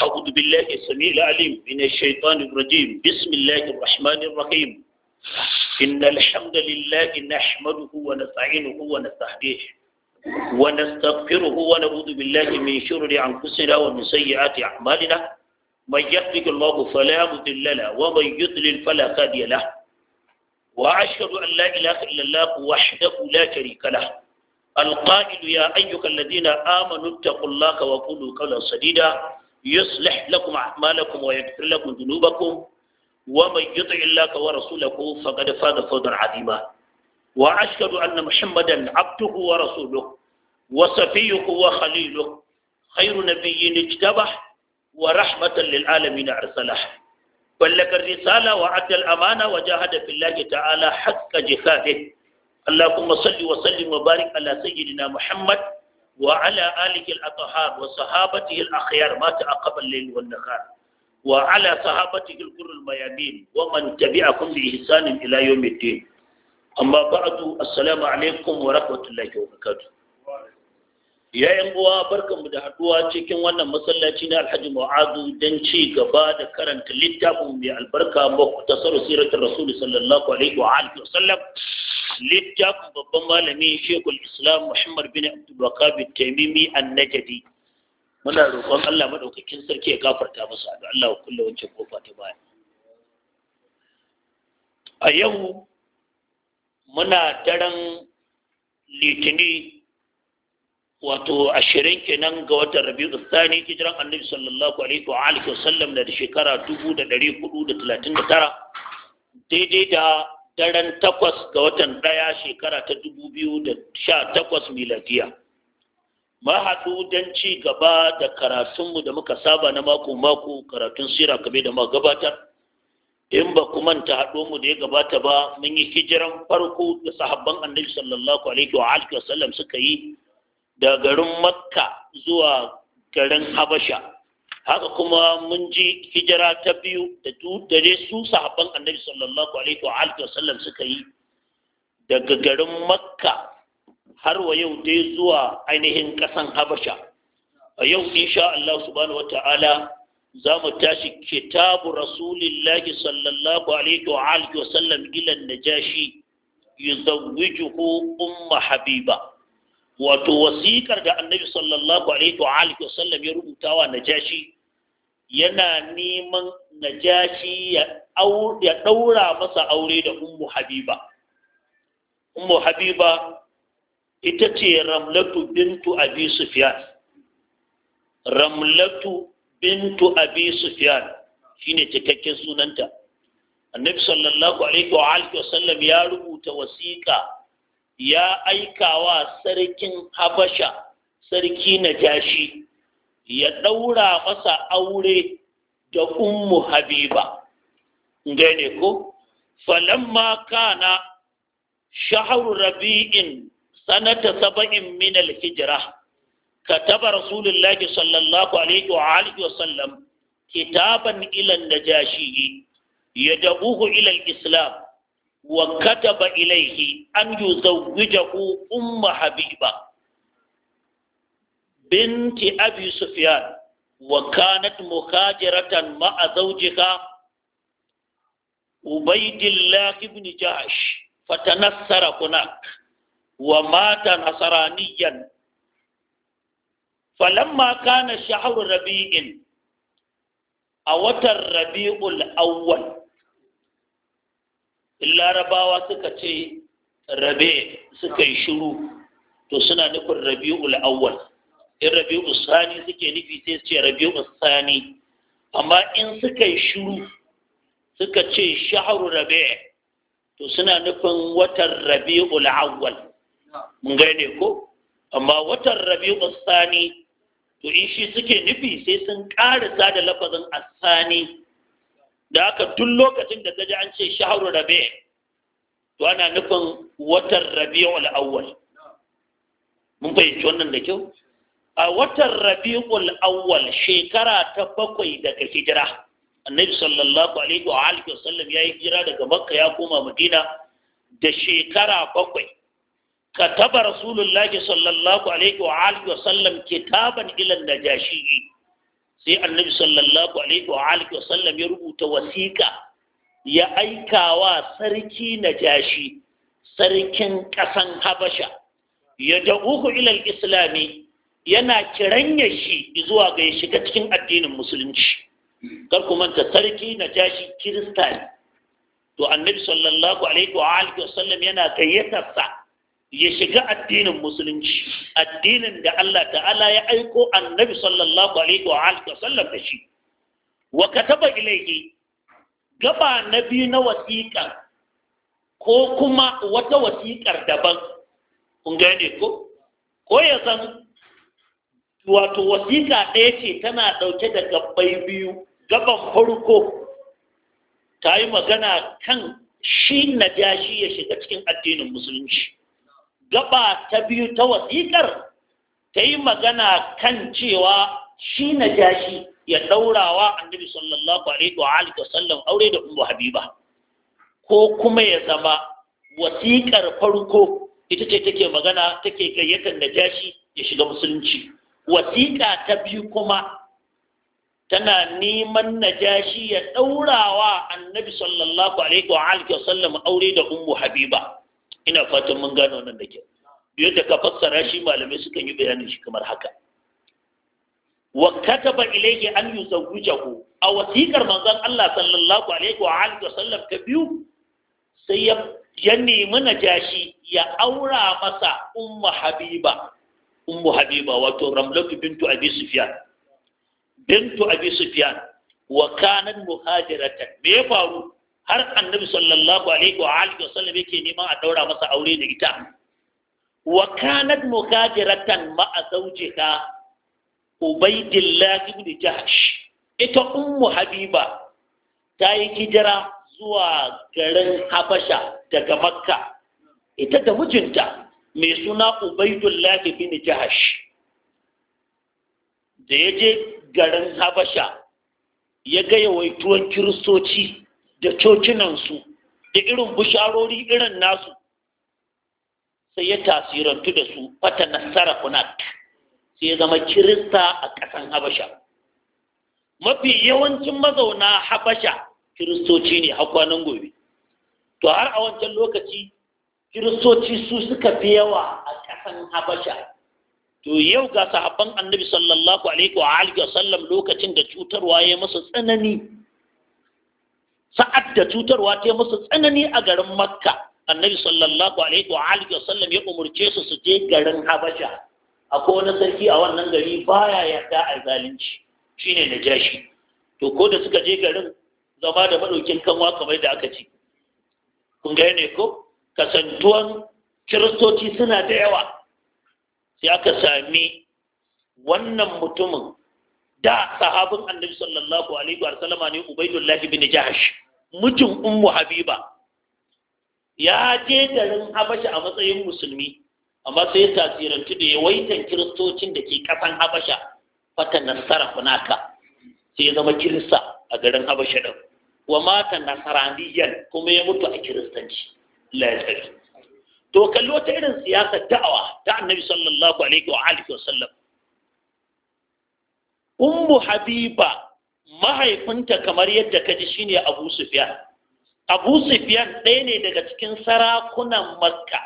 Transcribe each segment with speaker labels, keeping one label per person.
Speaker 1: أعوذ بالله السميع العليم من الشيطان الرجيم بسم الله الرحمن الرحيم إن الحمد لله نحمده ونستعينه ونستهديه ونستغفره ونعوذ بالله من شرور أنفسنا ومن سيئات أعمالنا من يهده الله فلا مضل له ومن يضلل فلا هادي له وأشهد أن لا إله إلا الله وحده لا شريك له القائل يا أيها الذين آمنوا اتقوا الله وقولوا قولا سديدا يصلح لكم أعمالكم ويغفر لكم ذنوبكم ومن يطع الله ورسوله فقد فاز فوزا عظيما وأشهد أن محمدا عبده ورسوله وصفيه وخليله خير نبي اجتبح ورحمة للعالمين أرسله بلغ الرسالة وأدى الأمانة وجاهد في الله تعالى حق جهاده اللهم صل وسلم وبارك على سيدنا محمد وعلى آله الأطهار وصحابته الأخيار ما تعقب الليل والنهار وعلى صحابته الكر الميامين ومن تبعكم بإحسان إلى يوم الدين أما بعد السلام عليكم ورحمة الله وبركاته ya yan uwa barkanmu da haduwa cikin wannan masallaci na Alhaji Mu'azu dan ci gaba da karanta littafin mai albarka muku tasaru siratul rasul sallallahu alaihi wa alihi littafin babban malami shekul islam muhammad bin abdulwakab taimimi annajadi muna roƙon allah maɗaukakin sarki ya gafarta masa da allah kulle wancan kofa ta baya a yau muna daren litini wato ashirin kenan ga watan rabi'u tsani hijiran annabi sallallahu alaihi wa alihi wasallam da shekara dubu da ɗari hudu da talatin da tara daidai da daren takwas ga watan ɗaya shekara ta dubu biyu da sha takwas miladiya mahaɗu don ci gaba da karatunmu da muka saba na mako-mako karatun sira kame da magabatar. gabatar in ba ku manta haɗo mu da ya gabata ba mun yi hijiran farko da sahabban annabi sallallahu alaihi wa alihi sallam suka yi da garin makka zuwa garin habasha haka kuma mun ji hijira ta biyu da dare su sahabban annabi sallallahu alaihi wa alihi wasallam suka yi daga garin makka har wa yau dai zuwa ainihin kasan habasha a yau insha Allah subhanahu wa ta'ala za mu tashi kitabu rasulillahi sallallahu alaihi wa alihi wasallam ila najashi yuzawwijuhu umma habiba wato wasikar da annabi sallallahu alaihi wa alihi wasallam ya rubuta wa najashi yana neman najashi ya ya daura masa aure da ummu habiba ummu habiba ita ce ramlatu bintu abi sufyan ramlatu bintu abi sufyan shine cikakken sunanta annabi sallallahu alaihi wa alihi wasallam ya rubuta wasika ya aika wa sarkin habasha sarki na jashi. ya ɗaura masa aure da ummu habiba gane ko falamma kana shahar rabi'in sanata saba'in min al Ka kataba rasulullahi sallallahu alaihi wa alihi wa kitaban ilan najashi yad'uhu ila ilal islam wa kataba ilaihi an yuzawwijahu ummu habiba binti abi sufyan wa kanat muhajiratan ma'a zawjiha ubaydillah ibn jahsh fatanassara hunak wa mata nasraniyan falamma kana shahru rabi'in a watan rabi'ul awwal larabawa suka ce rabe suka yi shiru to suna nufin rabi'ul awwal in rabi'ul sani suke nufi sai su ce rabi'ul sani amma in suka yi shiru suka ce shaharu rabe to suna nufin watan rabi'ul awwal mun gane ko amma watan rabi'ul sani to in shi suke nufi sai sun ƙarisa da lafazin asani da aka tun lokacin da gaji an ce shaharu rabe to ana nufin watan rabi'ul awwal mun fahimci wannan da kyau a watan rabi'ul awwal shekara ta bakwai daga hijira annabi sallallahu alaihi wa alihi wasallam ya yi hijira daga makka ya koma madina da shekara bakwai kataba rasulullahi sallallahu alaihi wa alihi wasallam kitaban ila najashi sai annabi sallallahu alaihi wa alihi wa sallam ya rubuta wasiƙa ya aikawa sarki najashi sarkin ƙasan habasha ya da'uhu ilal islami yana kiranya shi zuwa ga ya shiga cikin addinin musulunci kar ku manta sarki najashi kirista ne to annabi sallallahu alaihi wa alihi wa sallam yana ya shiga addinin musulunci addinin da Allah ta'ala ya aiko annabi sallallahu alaihi wa alihi sallam da shi wa kataba ilayhi gaba na biyu na wasiƙa ko kuma wata wasiƙar daban kun gane ko ko ya san wato wasiƙa ɗaya ce tana ɗauke da gabbai biyu gaban farko ta yi magana kan shi na ya shiga cikin addinin musulunci gaba ta biyu ta wasiƙar ta yi magana kan cewa shi na jashi ya ɗaurawa annabi sallallahu alaihi wa alihi aure da umu habiba ko kuma ya zama wasiƙar farko ita ce take magana take gayyatar jashi ya shiga musulunci wasiƙa ta biyu kuma tana neman na jashi ya ɗaurawa annabi sallallahu alaihi wa alihi aure da umu habiba ina fatan mun gane wannan da kyau yadda ka fassara shi malamai suka yi bayanin shi kamar haka wa kataba ilayhi an yuzawwijahu a wasiƙar manzon Allah sallallahu alaihi wa alihi wasallam ta biyu sai ya ya nemi jashi ya aura masa ummu habiba ummu habiba wato ramlatu bintu abi sufyan bintu abi sufyan wa kanat muhajiratan me ya faru har annabi sallallahu alaihi wa alihi wasallam yake neman a daura masa aure da ita wa kanat muhajiratan ma'a zawjiha ubaydillah ibn jahsh ita ummu habiba ta yi hijira zuwa garin habasha daga makka ita da mijinta mai suna ubaydillah bin jahsh da ya je garin habasha ya ga yawaituwan kiristoci da cocinansu da irin bisharori irin nasu sai ya tasirantu da su fata nasara kunat sai ya zama kirista a ƙasan habasha mafi yawancin mazauna habasha kiristoci ne hakwanin gobe to har a wancan lokaci kiristoci su suka fi yawa a ƙasan habasha to yau ga sahabban annabi sallallahu alaihi wa alihi sallam lokacin da cutarwa ya masa tsanani sa'ad da cutarwa ta musu tsanani a garin makka annabi sallallahu alaihi wa alihi ya umarce su su je garin habasha A wani sarki a wannan gari baya yarda a zalunci shine jashi. to ko da suka je garin zama da madaukin kanwa kamar da aka ci kun ga ne ko kasantuwan kiristoci suna da yawa sai aka sami wannan mutumin da sahabin annabi sallallahu alaihi wa sallama ne ubaidullahi bin jahash mutum ummu habiba ya je garin habasha a matsayin musulmi amma sai tasirantu da yawaitan kiristocin da ke kasan habasha fata nasara hunaka sai ya zama kirista a garin habasha din wa mata nasaraniyan kuma ya mutu a kiristanci lafiyar to kallo ta irin siyasar da'awa ta annabi sallallahu alaihi wa alihi wa sallam ummu habiba mahaifinta kamar yadda ka ji shine abu sufyan abu sufyan ɗaya ne daga cikin sarakunan makka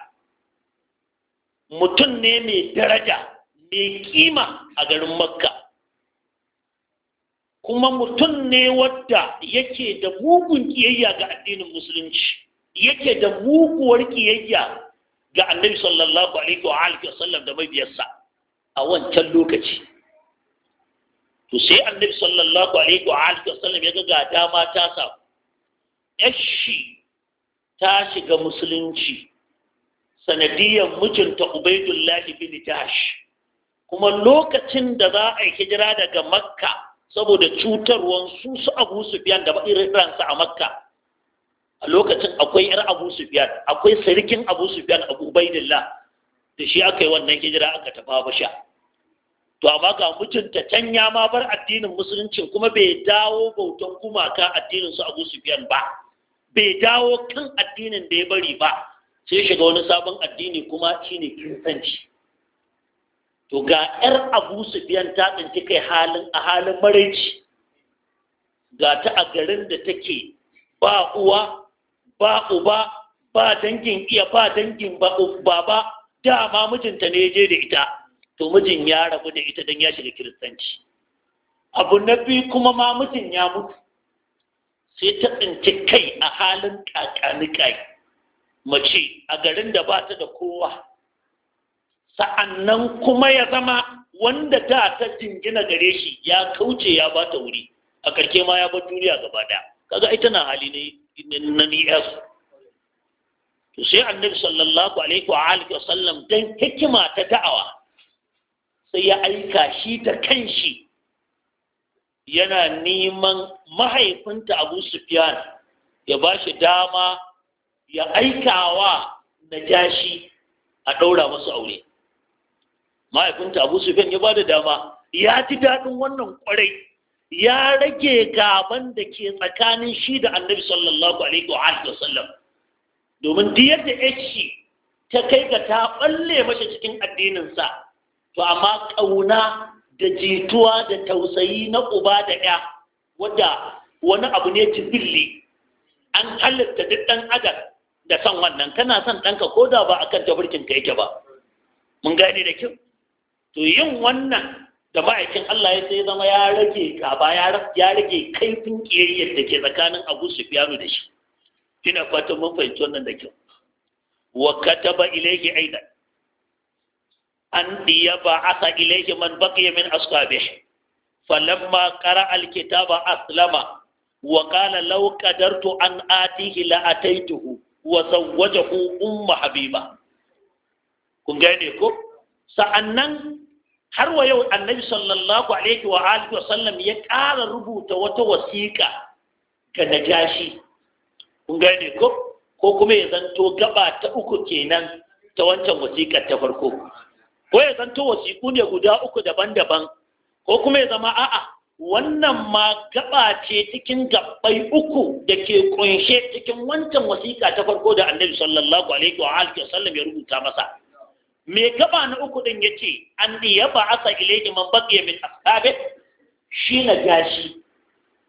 Speaker 1: mutum ne mai daraja mai kima a garin makka kuma mutum ne wadda yake da mugun ƙiyayya ga addinin musulunci yake da muguwar ƙiyayya ga annabi sallallahu alaihi wa sallam da mabiyarsa a wancan lokaci to sai annabi sallallahu alaihi wa alihi wasallam ya ga dama ta samu yashi ta shiga musulunci sanadiyar mijinta ubaidullahi bin jahsh kuma lokacin da za a yi hijira daga makka saboda cutarwan su su abu biyan da ransa a makka a lokacin akwai yar abu biyan. akwai sarkin abu biyan abu ubaidillah da shi aka wannan hijira aka tafa basha to amma ga mutunta can ya ma bar addinin musulunci kuma bai dawo bautan gumaka addinin su Abu Sufyan ba bai dawo kan addinin da ya bari ba sai shiga wani sabon addini kuma shine kristanci to ga yar Abu Sufyan ta tsinci kai halin a halin maraici ga ta a garin da take ba uwa ba uba ba dangin iya ba dangin baba dama mijinta ne ya je da ita to mijin ya rabu da ita don ya shiga kiristanci abu na biyu kuma ma mijin ya mutu sai ta tsinci kai a halin kakanikai mace a garin da ba ta da kowa sa'annan kuma ya zama wanda da ta jingina gare shi ya kauce ya ba ta wuri a karke ma ya bar duniya gaba daya kaga ita na hali ne na ni'yarsu to sai annabi sallallahu alaihi wa alihi wa sallam dan hikima ta da'awa sai ya aika shi ta kan shi, yana neman mahaifinta abu sufyan ya ba shi dama ya aikawa na jashi a ɗaura masu aure mahaifinta abu sufyan ya ba da dama ya ji daɗin wannan ƙwarai ya rage gaban da ke tsakanin shi da annabi sallallahu alaihi wa sallam domin diyar da ta kai ga ta ɓalle masa cikin addininsa to amma ƙauna da jituwa da tausayi na uba da ya wadda wani abu ne jibilli an halitta duk ɗan adam da san wannan kana son ɗanka ko da ba akan tafarkin ka yake ba mun gane da kyau to yin wannan da ma'aikin Allah ya sai zama ya rage gaba ya rage kaifin ƙiyayyar da ke tsakanin Abu Sufyanu da shi ina fatan mun fahimci wannan da kyau wa kataba ilayhi aidan an a sa ilaihi man baqiya min ashabihi فلما قرأ الكتاب أسلم وقال لو قدرت أن آتيه لأتيته ku umma Habiba. kun gane ko sa'annan har wa yau annabi sallallahu alaihi wa alihi wa sallam ya ƙara rubuta wata wasiƙa ga najashi kun gane ko ko kuma ya zanto gaba ta uku kenan ta wancan wasiƙar ta farko ko ya zanto wasiƙu ne guda uku daban-daban ko kuma ya zama a'a wannan ma gaba ce cikin gabbai uku da ke kunshe cikin wancan wasiƙa ta farko da annabi sallallahu alaihi wa alihi wasallam ya rubuta masa me gaba na uku din yace an ya ba'asa ilayhi man baqiya min ashabi shi na gashi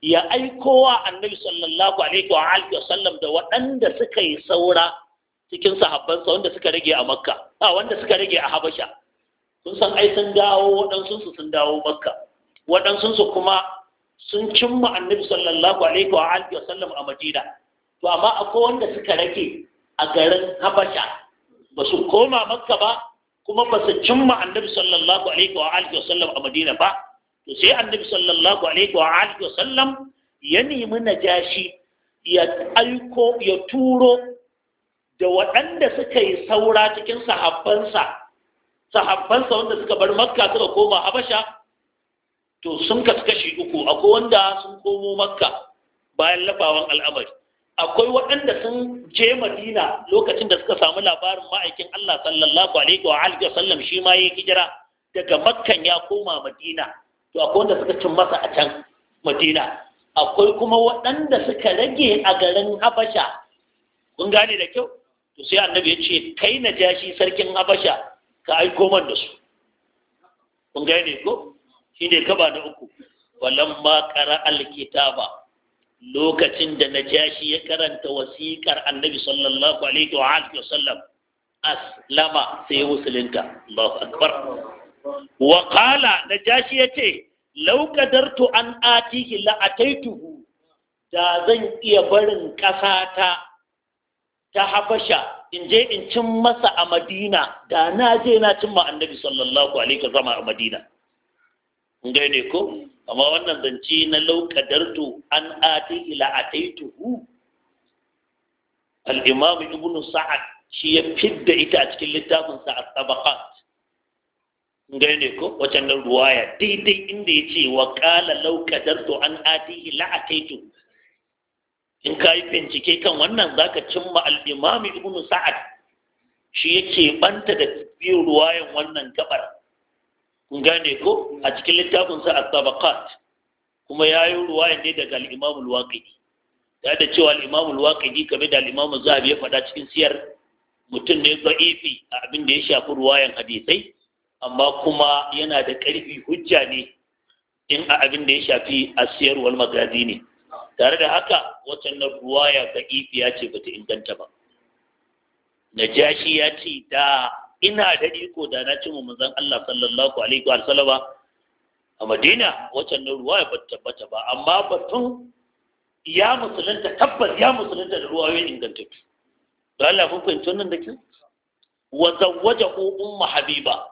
Speaker 1: ya aikowa annabi sallallahu alaihi wa alihi wasallam da waɗanda suka yi saura cikin sahabbansa wanda suka rage a makka a wanda suka rage a habasha Sun san ai sun dawo waɗansunsu sun dawo makka waɗansunsu kuma sun cimma annabi sallallahu alaihi wa alihi wasallam a madina to amma akwai wanda suka rage a garin habasha ba su koma makka ba kuma ba su cimma annabi sallallahu alaihi wa alihi wasallam a madina ba to sai annabi sallallahu alaihi wa alihi wasallam ya nemi najashi ya aiko ya turo da waɗanda suka yi saura cikin sahabbansa sahabbansa wanda suka bar makka suka koma habasha to sun kasu kashi uku akwai wanda sun komo makka bayan lafawan al'amari akwai waɗanda sun je madina lokacin da suka samu labarin ma'aikin allah sallallahu alaihi wa alihi sallam shi ma ya hijira daga makkan ya koma madina to akwai wanda suka cin masa a can madina akwai kuma waɗanda suka rage a garin habasha kun gane da kyau to sai annabi ya ce kai na jashi sarkin habasha ka aiko man da su kun gane ko shi ne kaba da uku walan ma kara alkitaba lokacin da najashi ya karanta wasiƙar annabi sallallahu alaihi wa alihi wasallam aslama sai musulunta Allahu akbar wa qala najashi yace law qadartu an atihi la ataituhu da zan iya barin ƙasata ta habasha in je in cin masa a madina da na je na cin ma annabi sallallahu alaihi sallam a madina ga ne ko amma wannan zance na laukadartu an ati ila hu al-imam ibnu sa'ad shi ya fidda ita a cikin littafin sa at-tabaqat ga ne ko wacan ruwaya daidai inda yace wa qala laukadartu an ati ila ataitu in ka yi bincike kan wannan za ka cimma al'imami ibn sa'ad shi yake banta da biyu ruwayan wannan gabar kun gane ko a cikin littafin sa asabaqat kuma ya yi ruwayan ne daga al-imam al-waqidi da cewa al-waqidi kabe da al'imamu zahabi ya faɗa cikin siyar mutum ne za'ifi a abin da ya shafi ruwayan hadisai amma kuma yana da ƙarfi hujja ne in a abin da ya shafi asiyar wal magazi ne tare da haka watannan ruwaya ga ifi ya ce bata inganta ba
Speaker 2: najashi
Speaker 1: ya ce da ina da iko da na cimma manzon Allah sallallahu alaihi wa sallam a Madina ruwa ruwaya ba tabbata ba amma batun ya musulunta tabbas ya musulunta da ruwayoyin ingantattu don Allah kun fahimci nan da kin wa zawwajahu ummu habiba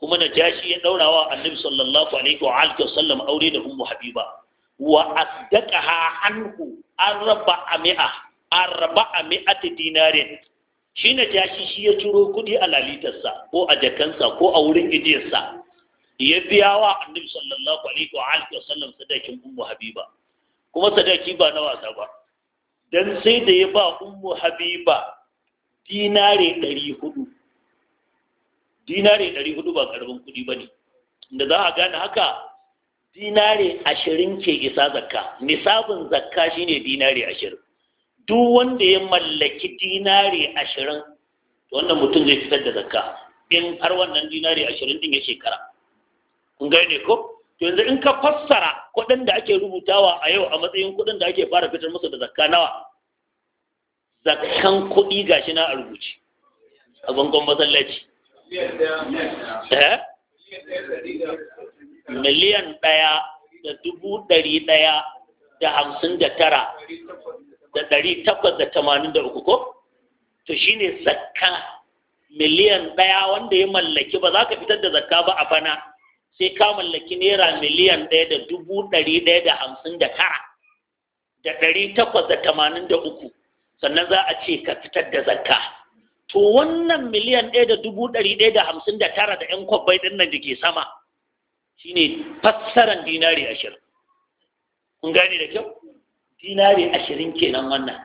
Speaker 1: kuma najashi ya daura wa annabi sallallahu alaihi wa sallam aure da ummu habiba wa asdaqaha anhu arba'a mi'a arba'a mi'ati dinarin shi na jashi shi ya turo kudi a lalitarsa ko a jakansa ko a wurin ijiyarsa ya biya wa annabi sallallahu alaihi wa alihi wasallam sadakin ummu habiba
Speaker 2: kuma sadaki
Speaker 1: ba na wasa ba dan sai da ya ba ummu habiba dinare 400 dinare 400 ba karbin kudi bane inda za a gane haka dinare ashirin ke isa zakka nisabin zakka shine dinare ashirin duk wanda ya mallaki dinari ashirin wannan mutum zai fitar da zakka in har wannan dinare ashirin din ya shekara kun gane ko to yanzu in ka fassara kuɗin da ake rubutawa a yau a matsayin kuɗin da ake fara fitar musu da zakka nawa zakkan kuɗi gashi na a rubuce a bangon masallaci eh? miliyan ɗaya da dubu ɗari ɗaya da hamsin da tara da ɗari takwas da tamanin da uku ko to shi ne zakka miliyan ɗaya wanda ya mallaki ba za ka fitar da zakka ba a bana sai ka mallaki naira miliyan ɗaya da dubu ɗari ɗaya da hamsin da tara da ɗari takwas da tamanin da uku sannan za a ce ka fitar da zakka to wannan miliyan ɗaya da dubu ɗari ɗaya da hamsin da tara da ƴan kwabbai ɗin nan da ke sama Shi ne fassaran dinari ashirin kun gane da kyau dinari ashirin kenan wannan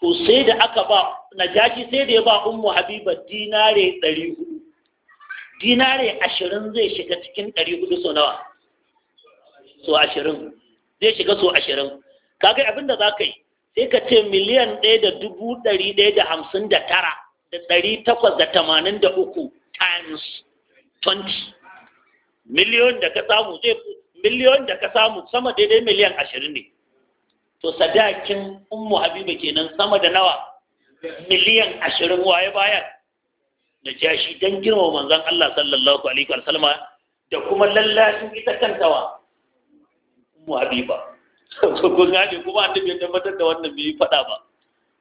Speaker 1: to sai da aka ba najashi sai da ya ba ummu habiba dinari ɗari hudu Dinari ashirin zai shiga cikin ɗari hudu so nawa so ashirin zai shiga so ashirin kaga abin da za ka yi sai ka ce miliyan ɗaya da dubu ɗari ɗaya da hamsin da tara da ɗari takwas da tamanin da uku times twenty miliyon da ka samu zai miliyon da ka samu sama daidai miliyan ashirin ne to sadakin ummu habiba kenan sama da nawa miliyan ashirin waye bayan da jashi don girma manzon Allah sallallahu alaihi wa sallama da kuma lallashin ita kantawa ummu habiba kun gane kuma annabi ya tabbatar da wannan bai faɗa ba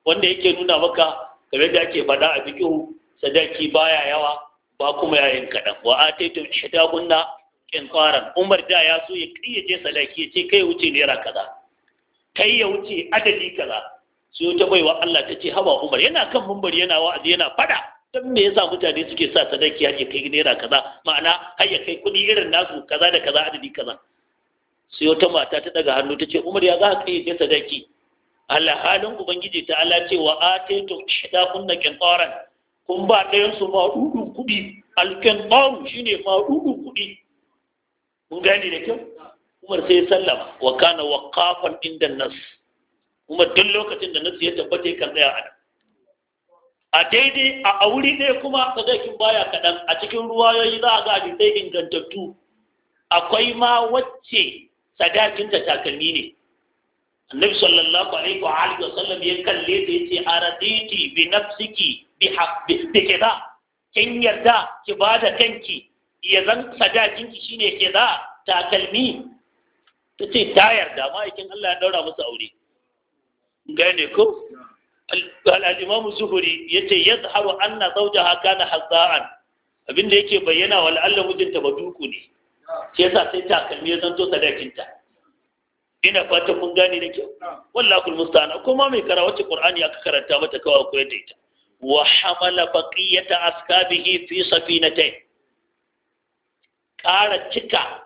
Speaker 1: wanda yake nuna maka kamar da ake faɗa a bikin sadaki baya yawa ba kuma yayin kaɗan wa ataitum ihdahunna kinkaran umar da ya so ya je salaki ya ce kai wuce naira kaza kai ya wuce adadi kaza sai wata baiwa Allah ta ce haba umar yana kan mumbar yana wa'azi yana fada dan me yasa mutane suke sa sadaki har ya kai naira kaza ma'ana har ya kai kuɗi irin nasu kaza da kaza adadi kaza sai wata mata ta daga hannu ta ce umar ya za ka kiyace sadaki alhalin ubangiji ta ala ce wa ataitum kunna qintaran kun ba ɗayan su ma dudun kuɗi shi shine ma kuɗi mun gane da kyau umar sai sallama wa kana waqafan inda nas kuma duk lokacin da nasu ya tabbata kan tsaya a a daidai a auri ɗaya kuma sadakin baya kaɗan a cikin ruwayoyi za a ga hadisai ingantattu akwai ma wacce sadakin da takalmi ne annabi sallallahu alaihi wa alihi sallam ya kalle ta yace araditi bi nafsiki bi haqqi bi kaza kin yarda ki bada kanki ya zan sadakin jinki shine ke za takalmi ta ce ta yarda ma'aikin Allah ya daura musu aure gane ko al-imam zuhuri yace yazharu anna zawjaha kana hazza'an abinda yake bayyana wa la'alla mijinta baduku ne Ke yasa sai takalmi ya zanto sadakinta ina fatan mun gane da kyau wallahi musta'an kuma mai karawace qur'ani aka karanta mata kawai akwai yadda ita wa hamala baqiyata askabihi fi safinatayn ƙara cika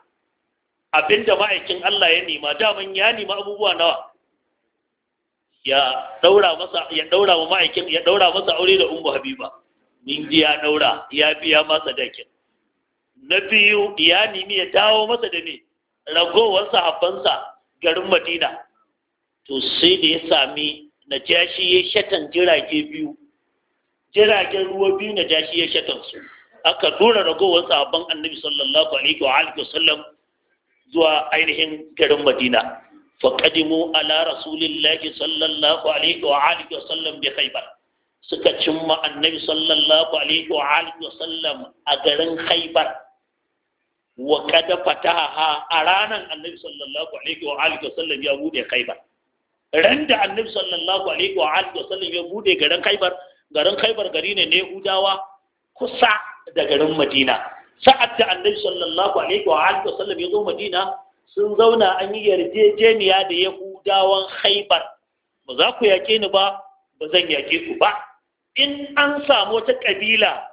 Speaker 1: abinda ma'aikin Allah ya nema daman ya nema abubuwa nawa ya ɗaura masa wa ma'aikin ya ɗaura masa aure da umu habiba min ji ya daura ya biya masa dakin na biyu ya nemi ya dawo masa da ne ragowarsa sahabbansa garin madina to sai da ya sami jashi ya shatan jirage biyu jiragen ruwa biyu jashi ya shatan su aka tura ragowar sabon annabi sallallahu alaihi wa alihi wasallam zuwa ainihin garin madina faqadimu ala rasulillahi sallallahu alaihi wa alihi wasallam bi khaybar suka cimma annabi sallallahu alaihi wa alihi wasallam a garin khaybar wa kada fataha a ranan annabi sallallahu alaihi wa alihi wasallam ya bude khaybar ran da annabi sallallahu alaihi wa alihi wasallam ya bude garin khaybar garin khaybar gari ne ne hudawa kusa da garin madina sa'ad da annabi sallallahu alaihi wa alihi wasallam ya zo madina sun zauna an yi yarjejeniya da yahudawan haibar ba za ku yaƙe ni ba ba zan yaƙe ku ba in an samu wata ƙabila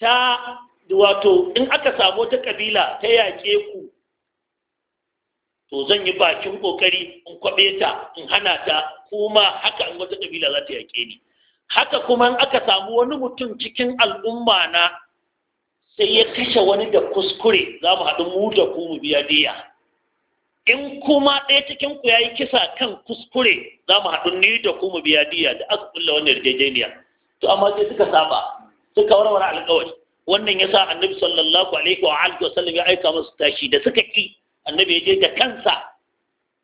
Speaker 1: ta wato in aka samu wata kabila ta yaƙe ku to zan yi bakin ƙoƙari in kwaɓe ta in hana ta kuma haka in wata ƙabila za ta yaƙe ni haka kuma aka samu wani mutum cikin al'umma na sai ya kashe wani da kuskure za mu haɗu mu da ku mu biya diya in kuma ɗaya cikin ku yayi kisa kan kuskure za mu haɗu ni da ku mu biya diya da aka kulla wannan yarjejeniya to amma sai suka saba suka warware alƙawari wannan ya sa annabi sallallahu alaihi wa alihi wasallam ya aika musu tashi da suka ki annabi ya je da kansa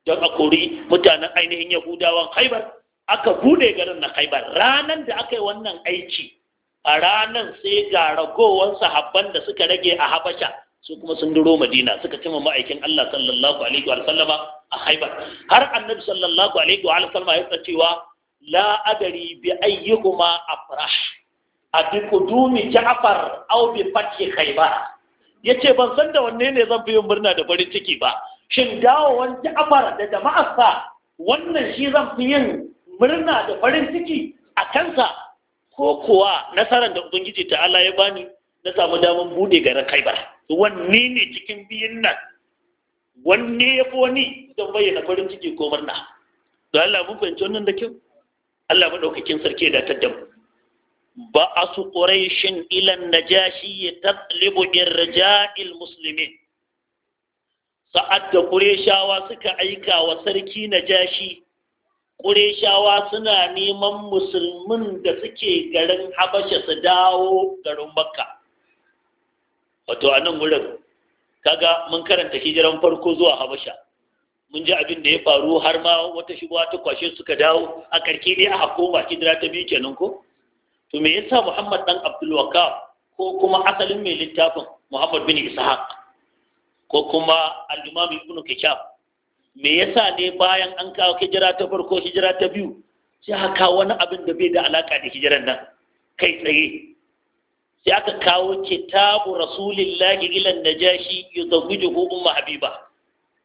Speaker 1: don a kori mutanen ainihin yahudawan haibar aka bude garin na khaibar ranan da aka yi wannan aiki a ranan sai ga ragowar sahabban da suka rage a habasha su kuma sun duro madina suka cima ma'aikin allah sallallahu alaihi wa sallama a khaibar har annabi sallallahu alaihi wa sallama ya cewa la adari bi ayyuhuma afrah abi qudumi ja'far aw bi fathi khaybar yace ban san da wanne ne zan fi yin murna da farin ciki ba shin dawo wani ja'far da jama'arsa wannan shi zan fi yin murna da farin ciki a kansa ko kuwa nasarar da ubangiji ta Allah ya bani na samu damar bude garin Khaibar wanne ne cikin biyun nan wanne ya fi wani don bayyana farin ciki ko murna don Allah mun fahimci wannan da kyau Allah maɗaukakin sarki da ta ba a su ƙorashin ilan na najashi ya tattalibu Raja'il musulmi sa'ad da shawa suka aika wa sarki najashi ƙureshawa suna neman musulmin da suke garin habasha su dawo garin makka wato a nan wurin kaga mun karanta hijiran farko zuwa habasha mun ji abin da ya faru har ma wata shigowa ta kwashe suka dawo a ƙarƙi ne a koma hijira ta biyu kenan ko to me yasa muhammad dan abdul ko kuma asalin mai littafin muhammad bin ishaq ko kuma al-imam ibn kishaf me yasa ne bayan an kawo hijira ta farko hijira ta biyu sai aka kawo wani abin da bai da alaka da hijiran nan kai tsaye sai aka kawo kitabu rasulillahi ilan najashi yuzawwijuhu Umma habiba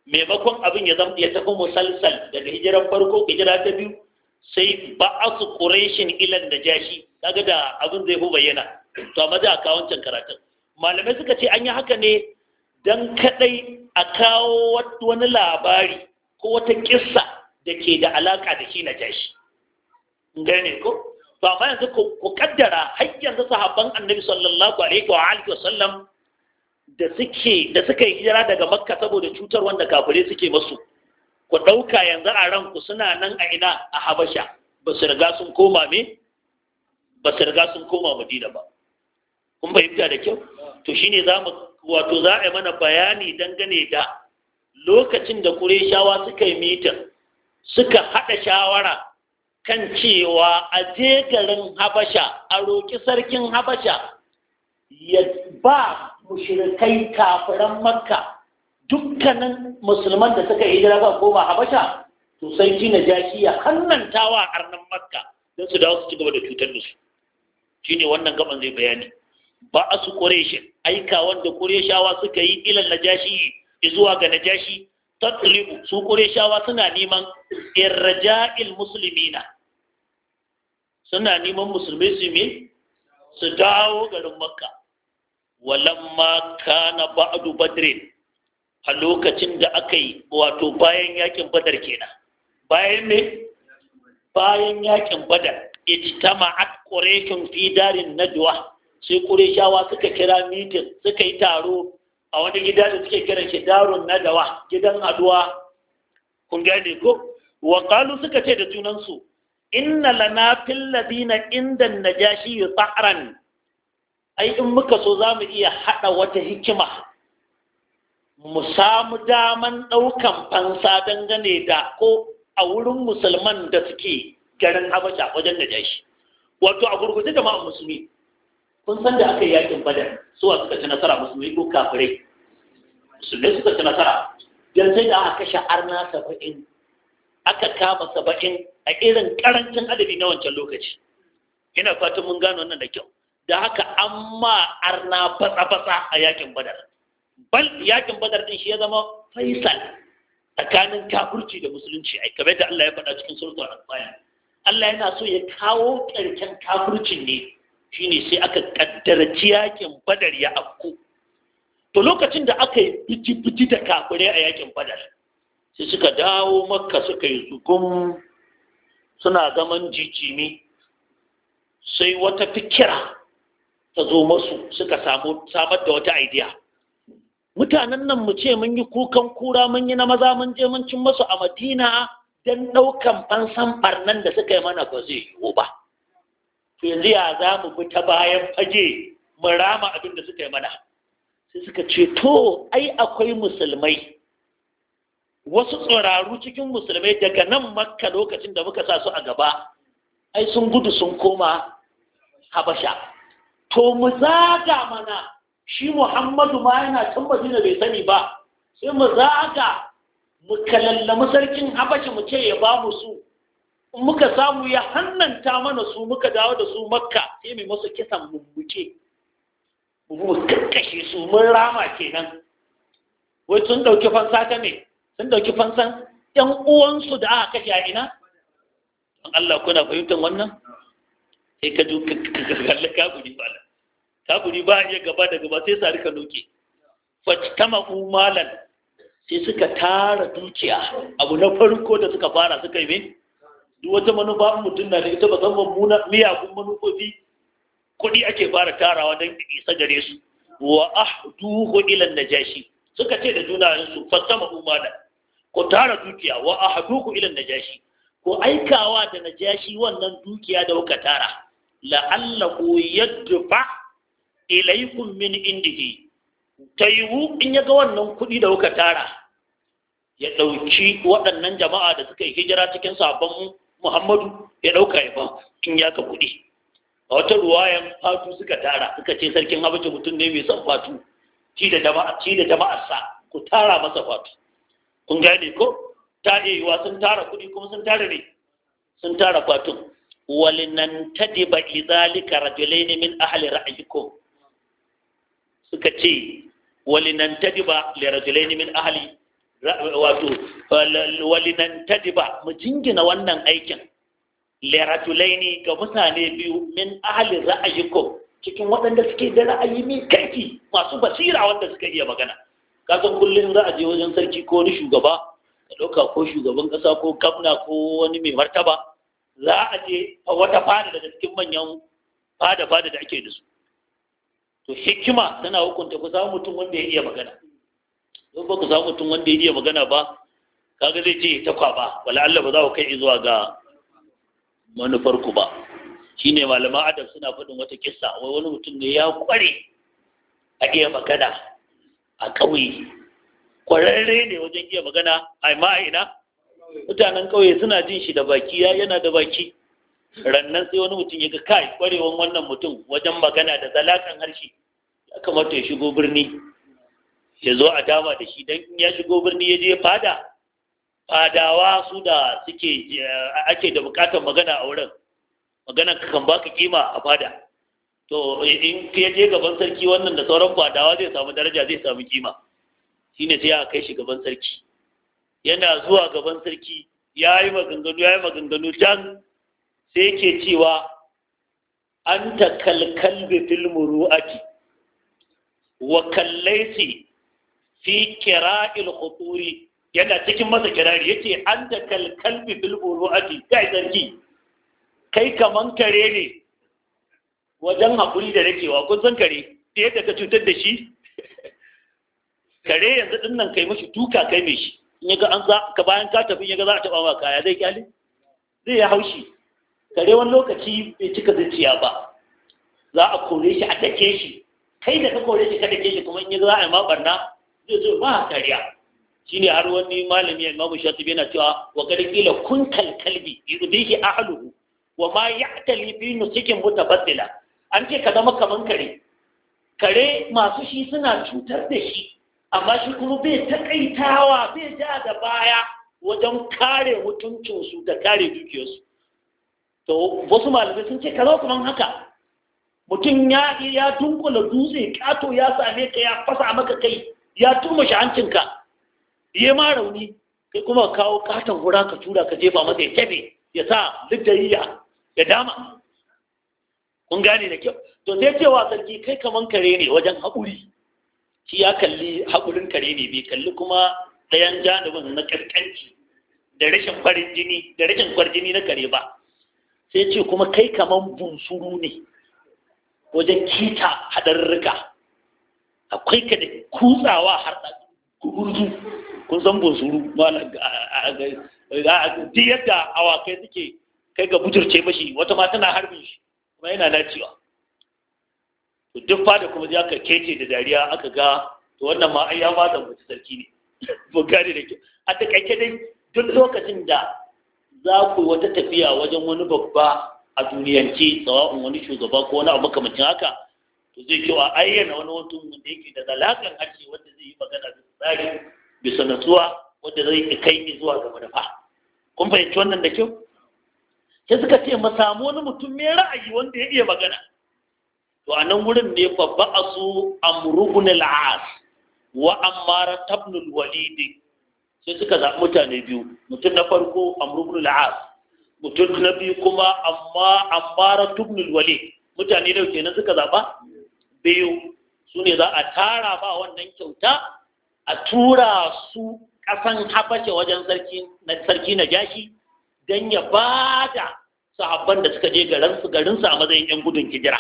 Speaker 1: maimakon abin ya zama ya tafi musalsal daga hijiran farko hijira ta biyu sai ba'asu quraishin ilan najashi kaga da abin zai fi bayyana to amma za a wancan karatun malamai suka ce an yi haka ne dan kadai a kawo wani labari ko wata kissa da ke da alaka da shi na jashi gane ko Ba ma yanzu ku kaddara hanyar da sahabban annabi sallallahu alaihi wa alihi wasallam sallam da suke da suka yi hijira daga makka saboda cutar wanda kafirai suke masu ku ɗauka yanzu a ranku suna nan a ina a habasha ba su riga sun koma me ba su riga sun koma madina ba kun fahimta da kyau to shine za mu wato za a yi mana bayani dangane da lokacin da shawa suka yi mitin suka haɗa shawara kan cewa a je garin Habasha a roƙi sarkin Habasha ya ba mushirikai kafiran Makka dukkanin musulman da suka hijira ba koma Habasha to sarki Najashi ya hannantawa arnan Makka don su dawo su ci gaba da cutar da su shine wannan gaban zai bayani ba a su ƙureshi aika wanda ƙureshawa suka yi ilan najashi zuwa ga najashi tatribu su ƙureshawa suna neman irraja'il musulmina suna neman musulmai su me su dawo garin makka walamma kana ba'du badrin a lokacin da aka yi wato bayan yakin badar kenan bayan me bayan yakin badar ijtama'at quraishun fi na duwa? sai shawa suka kira mitin suka yi taro a wani gida da suke kiran shi darun nadawa gidan aduwa kun gane ko wa qalu suka ce da junansu inna lana fil ladina inda najashi ta'ran ai in muka so za mu iya hada wata hikima mu samu daman daukan fansa dangane da ko a wurin musulman da suke garin habasha wajen najashi wato a gurguje da ma musulmi kun san da aka yi yakin badar suwa suka ci nasara musulmi ko kafirai musulmi suka ci nasara don sai da aka kashe arna saba'in aka kama saba'in a irin karancin adadi na wancan lokaci ina fatan mun gano wannan da kyau da haka an ma arna fatsa-fatsa a yakin badar bal yakin badar din shi ya zama faisal tsakanin kafirci da musulunci ai kamar da Allah ya faɗa cikin suratul anbiya Allah yana so ya kawo ƙarshen kafircin ne shine sai aka kaddarci yakin badar ya afku to lokacin da aka yi fiti-fiti da kafirai a yakin badar sai suka dawo makka suka yi zugun suna zaman jijimi sai wata fikira ta zo masu suka samar da wata idea mutanen nan mu ce mun yi kukan kura mun yi na maza mun je mun cin masu a madina don ɗaukan fansan ɓarnan da suka yi mana ba zai yiwu ba yanzu ya za mu bi ta bayan fage mu rama abin da suka yi mana sai suka ce to ai akwai musulmai wasu tsoraru cikin musulmai daga nan maka lokacin da muka sa su a gaba ai sun gudu sun koma habasha to mu zaga mana shi muhammadu ma yana can madina bai sani ba sai mu zaga mu kallama sarkin Habasha mu ce ya ba mu su muka samu ya hannanta mana su muka dawo da su makka sai mai masu kisan mummuke mu kakkashe su mun rama kenan wai sun dauki fansa ta me sun dauki fansan yan uwansu da aka kashe a ina don Allah kuna fahimtar wannan sai ka ju kalli kaburi ba kaburi ba iya gaba da gaba sai sa rika noke fajtama umalan sai suka tara dukiya abu na farko da suka fara suka yi duk wata manufa mutum na da ita musamman muna miyagun manufofi kuɗi ake fara tarawa don isa gare su wa ahduhu ila najashi suka ce da juna su fassama umana ko tara dukiya wa ahduhu ila najashi ko aikawa da najashi wannan dukiya da kuka tara la'allahu yadfa ilaykum min indihi tayu in yaga wannan kuɗi da kuka tara ya ɗauki waɗannan jama'a da suka yi hijira cikin sabon muhammadu ya ɗauka ya ba in ya ka kuɗi a wata ruwayan fatu suka tara suka ce sarkin habasha mutum ne mai son fatu Ci da jama'arsa ku tara masa fatu kun gane ko ta yiwa sun tara kuɗi kuma sun tara ne sun tara fatun walinan tadiba izalika rajulaini min ra'ayi ra'ayikum suka ce walinan ba li rajulaini min ahali? wato ba mu jingina wannan aikin liratulaini ga mutane biyu min ahli ra'ayikum cikin waɗanda suke da ra'ayi mai kaifi masu basira wanda suka iya magana kaga kullum za a wajen sarki ko ni shugaba ka ɗauka ko shugaban ƙasa ko gamna ko wani mai martaba za a je wata fada daga cikin manyan fada fada da ake da su to hikima tana hukunta ku samu mutum wanda ya iya magana don ba ku samu mutum wanda ya iya magana ba kaga zai ce ta kwaba wala Allah ba za ku kai zuwa ga manufar ku ba shine malama adam suna faɗin wata kissa wai wani mutum ne ya kware a iya magana a ƙauye kwararre ne wajen iya magana a ina? mutanen ƙauye suna jin shi da baki ya yana da baki rannan sai wani mutum ya ga kai kwarewan wannan mutum wajen magana da zalakan harshe ya kamata ya shigo birni ya zo a dama da shi don in ya shigo birni ya je fada fadawa su da suke eh, ake da bukatar magana a wurin magana kan baka kima a fada to in ka je gaban sarki wannan da sauran fadawa zai samu daraja zai samu kima shine sai a kai shi gaban sarki yana zuwa gaban sarki ya yi maganganu ya yi maganganu can sai ke cewa an ta kalkal bi fil wa kallai fi kira ilhuturi yana cikin masa kirari yace anta kal kalbi bil a kai sarki kai kaman kare ne wajen hakuri da wa kun san kare ta yadda ka cutar da shi kare yanzu ɗin nan kai mashi duka kai mai shi in yaga an za ka bayan ka tafi yaga za a taɓa ma kaya zai kyale zai ya haushi kare wani lokaci bai cika zuciya ba za a kore shi a dake shi kai da ka kore shi ka dake shi kuma in yaga za a yi ma barna zai zo ba kariya shine har wani malami Mamu shatibi yana cewa wa kad qila kun yanzu kalbi yudihi ahaluhu wa ma ya'tali cikin nusikin mutabaddila an ce ka zama kaman kare kare masu shi suna cutar da shi amma shi kuma bai takaitawa bai ja da baya wajen kare mutuncinsu da kare dukiyarsu to wasu malamai sun ce ka zo haka mutum ya ya dunkula dutse kato ya same ka ya fasa maka kai ya tumashi hancinka ya ma rauni kai kuma kawo katon hura ka tura ka jefa masa ya kebe ya sa yiya ya dama kun gane da kyau to sai cewa sarki kai kaman kare ne wajen haƙuri shi ya kalli haƙurin kare ne bai kalli kuma ɗayan janibin na ƙarƙanci da rashin farin jini da rashin jini na kare ba sai ce kuma kai kaman bunsuru ne wajen kita haɗarurruka akwai ka da kutsawa har da gurzu kun san bunsuru malam duk yadda awakai suke kai ga bujurce mashi wata ma tana harbin shi kuma yana nacewa duk fada kuma zai aka kece da dariya aka ga to wannan ma ai ya da mutu sarki ne ba gane da ke a takaice dai duk lokacin da za ku wata tafiya wajen wani babba a duniyance tsawon wani shugaba ko wani abu makamancin haka to zai kyau ayyana wani mutum wanda yake da zalakan ake wanda zai yi magana da tsari bisa natsuwa wanda zai kai zuwa ga manufa kun fahimci wannan da kyau sai suka ce mu samu wani mutum mai ra'ayi wanda ya iya magana to a nan wurin ne babba a su amrugun al'as wa ammara tabnul walidi sai suka zaɓi mutane biyu mutum na farko amrugun al'as mutum na biyu kuma amma ammara tabnul walid mutane da kenan suka zaɓa biyu su ne za a tara ba wannan kyauta a tura su ƙasan habashe wajen sarki na jashi don ya ba da sahabban da suka je garinsu su a matsayin 'yan gudun hijira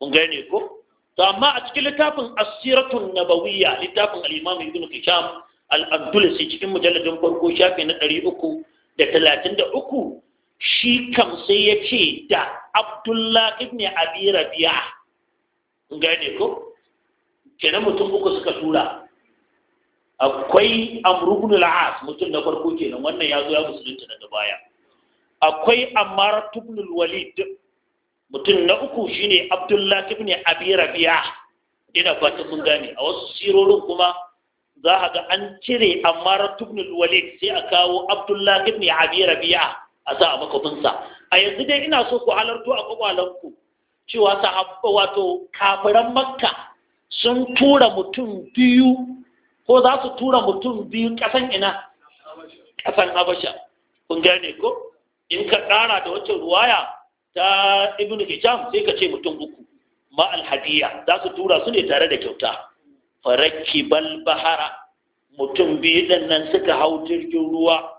Speaker 1: kun gane ko to amma a cikin littafin asiratun nabawiyya littafin al-imam ibn kisham al-andalusi cikin mujalladin farko shafi na uku da talatin da uku shi kam sai ya ce da abdullahi ibn abi rabi'a gane ko kenan mutum uku suka tura akwai amrubun al'as mutum na farko kenan wannan ya zo ya musulunta daga baya akwai ammar tubnul walid mutum na uku shine abdullahi ibn abi rabi'a ina fatan mun gane a wasu sirorin kuma za a ga an cire ammar tubnul walid sai a kawo abdullahi ibn abi rabi'a a sa a makafinsa a yanzu dai ina so ku halarto a kwakwalanku cewa sahabba wato kafiran makka sun tura mutum biyu ko za su tura mutum biyu ƙasan ina ƙasan habasha kun gane ko in ka ƙara da wacce ruwaya ta ibnu hijam sai ka ce mutum uku ma alhadiya za su tura su ne tare da kyauta farakki bal bahara mutum biyu nan suka hau jirgin ruwa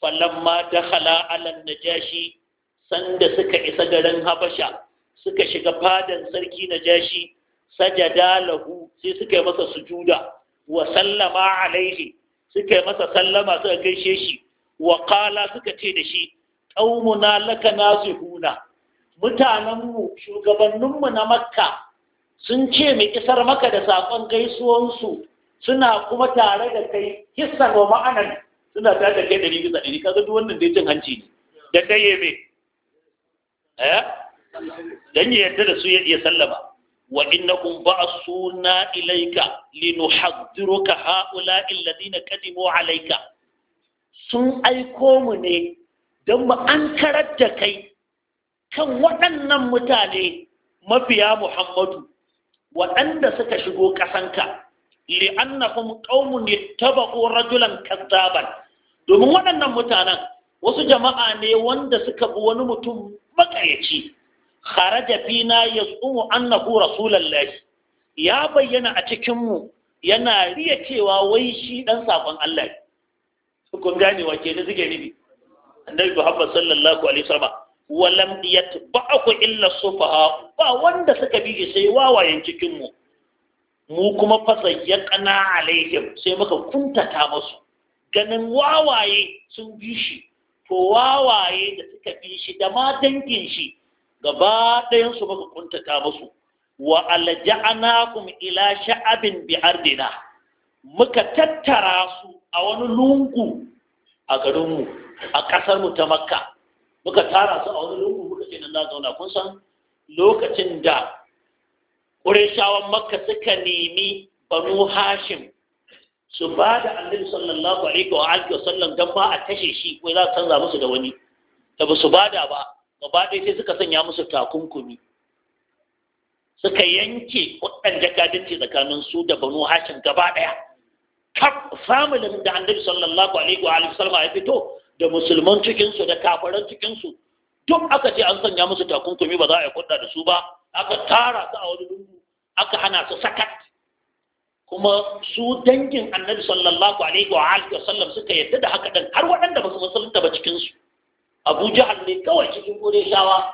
Speaker 1: falamma dakhala ala najashi sanda suka isa garin habasha suka shiga fadan sarki na jashi sajada lahu sai suka yi masa sujuda wa sallama alaihi suka yi masa sallama suka gaishe shi wa qala suka ce da shi qaumuna laka nasihuna mutanenmu shugabanninmu na makka sun ce mu isar maka da saƙon gaisuwansu suna kuma tare da kai Kisan wa ma'anar suna tare da kai ɗari bisa ɗari kaga duk wannan dai cin hanci ne da ɗaya mai eh dan ya yarda da su ya iya sallama wa innakum ba'suna ilayka linuhadhdhiruka haula alladhina kadimu alayka sun aiko mu ne dan mu an karar da kai kan waɗannan mutane mafiya Muhammadu waɗanda suka shigo ƙasanka li'annahum qaumun yattabu rajulan kazzaban domin waɗannan mutanen wasu jama'a ne wanda suka bi wani mutum makayaci kharaja fina yasumu annahu rasulullahi ya bayyana a cikin mu yana riya cewa wai shi dan sakon Allah ne kun gane wa ke zige ni bi? annabi Muhammad sallallahu alaihi wasallam walam yatba'u illa sufaha ba wanda suka bi sai wawayen cikin mu mu kuma fasayyaqna alaihim sai muka kuntata musu ganin wawaye sun bi shi to wawaye da suka bi shi da ma dangin shi gaba ɗayan su muka kuntata musu wa kuma ila sha'abin bi ardina muka tattara su a wani lungu a garinmu a ƙasar ta makka muka tara su a wani lungu muka ce nan na zauna kun san lokacin da ƙurishawan makka suka nemi banu hashim su ba da annabi sallallahu alaihi wa alihi wa sallam dan ba a tashe shi ko za su canza musu da wani ta ba su bada ba gaba ɗaya sai suka sanya musu takunkumi suka yanke waɗanda jakadanci tsakanin su da banu hashin gaba ɗaya familin da annabi sallallahu alaihi wa sallama ya fito da musulman cikinsu da kafaran cikinsu duk aka ce an sanya musu takunkumi ba za a yi kudda da su ba aka tara su a wani lungu aka hana su sakat kuma su dangin annabi sallallahu alaihi wa sallam suka yadda da haka dan har waɗanda ba su musulunta ba cikinsu abu jihar ne kawai cikin ƙureshawa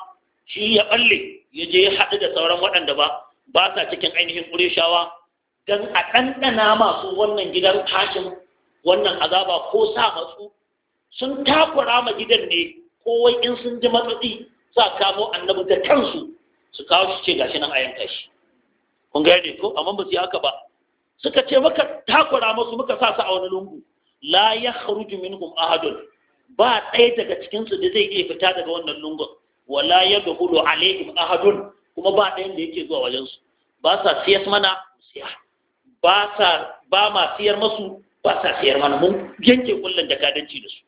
Speaker 1: shi ya balle ya je ya haɗu da sauran waɗanda ba ba sa cikin ainihin ƙureshawa don a ɗanɗana masu wannan gidan kashin wannan azaba ko sa matsu sun takura ma gidan ne kowai in sun ji matsatsi sa kamo annabi da kansu su kawo shi ce gashi nan a yanka shi kun gane ko amma ba su yi haka ba suka ce muka takura musu muka sa su a wani lungu la yakhruju minhum ahadun ba ɗaya daga cikinsu da zai iya fita daga wannan lungon. wala ya duhulu alaihim ahadun kuma ba ɗayan da yake zuwa wajensu ba sa siyas mana siya ba sa ba ma siyar masu ba sa siyar mana mun yanke kullun da kadanci da su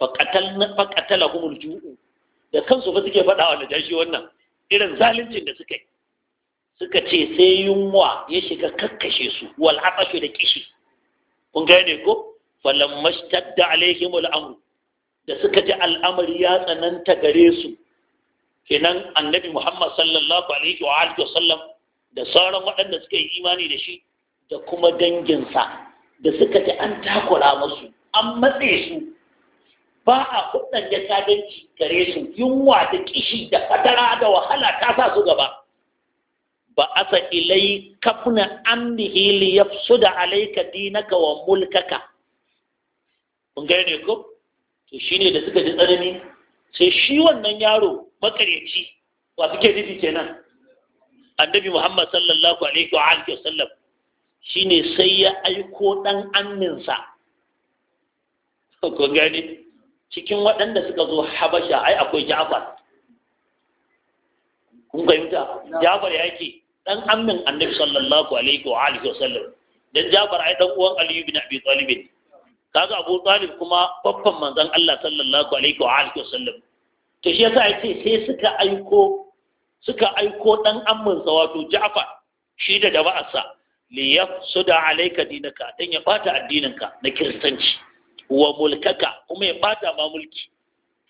Speaker 1: faqatalna faqatalahumul ju'u da kansu ba suke faɗa wa jashi wannan irin zaluncin da suka yi suka ce sai yunwa ya shiga kakkashe su wal da kishi kun gane ko falamma shtadda alaihimul amru da suka ji al'amari ya tsananta gare su kenan annabi muhammad sallallahu alaihi wa alihi wasallam da sauran waɗanda suka yi imani da shi da kuma danginsa da suka ji an takura masu. an matse su ba a kudin ya kadanci gare su yunwa da kishi da fatara da wahala ta sa su gaba ba asa ilai kafna amnihi li yafsuda alayka dinaka wa mulkaka kun gane ko to ne da suka ji tsanani sai shi wannan yaro makareci wa suke nufi kenan annabi muhammad sallallahu alaihi wa alihi wasallam shine sai ya aiko dan amminsa ko gani cikin waɗanda suka zo habasha ai akwai jafar kun fahimta jafar ya ke dan amin annabi sallallahu alaihi wa alihi wasallam dan jafar ai dan uwan aliyu bin abi talib kaga Abu Talib kuma babban manzon Allah sallallahu alaihi wa alihi wasallam to shi yasa yace sai suka aiko suka aiko dan sa wato Ja'far shi da sa li yasuda alayka dinaka dan ya bata addininka na kiristanci wa mulkaka kuma ya bata ma mulki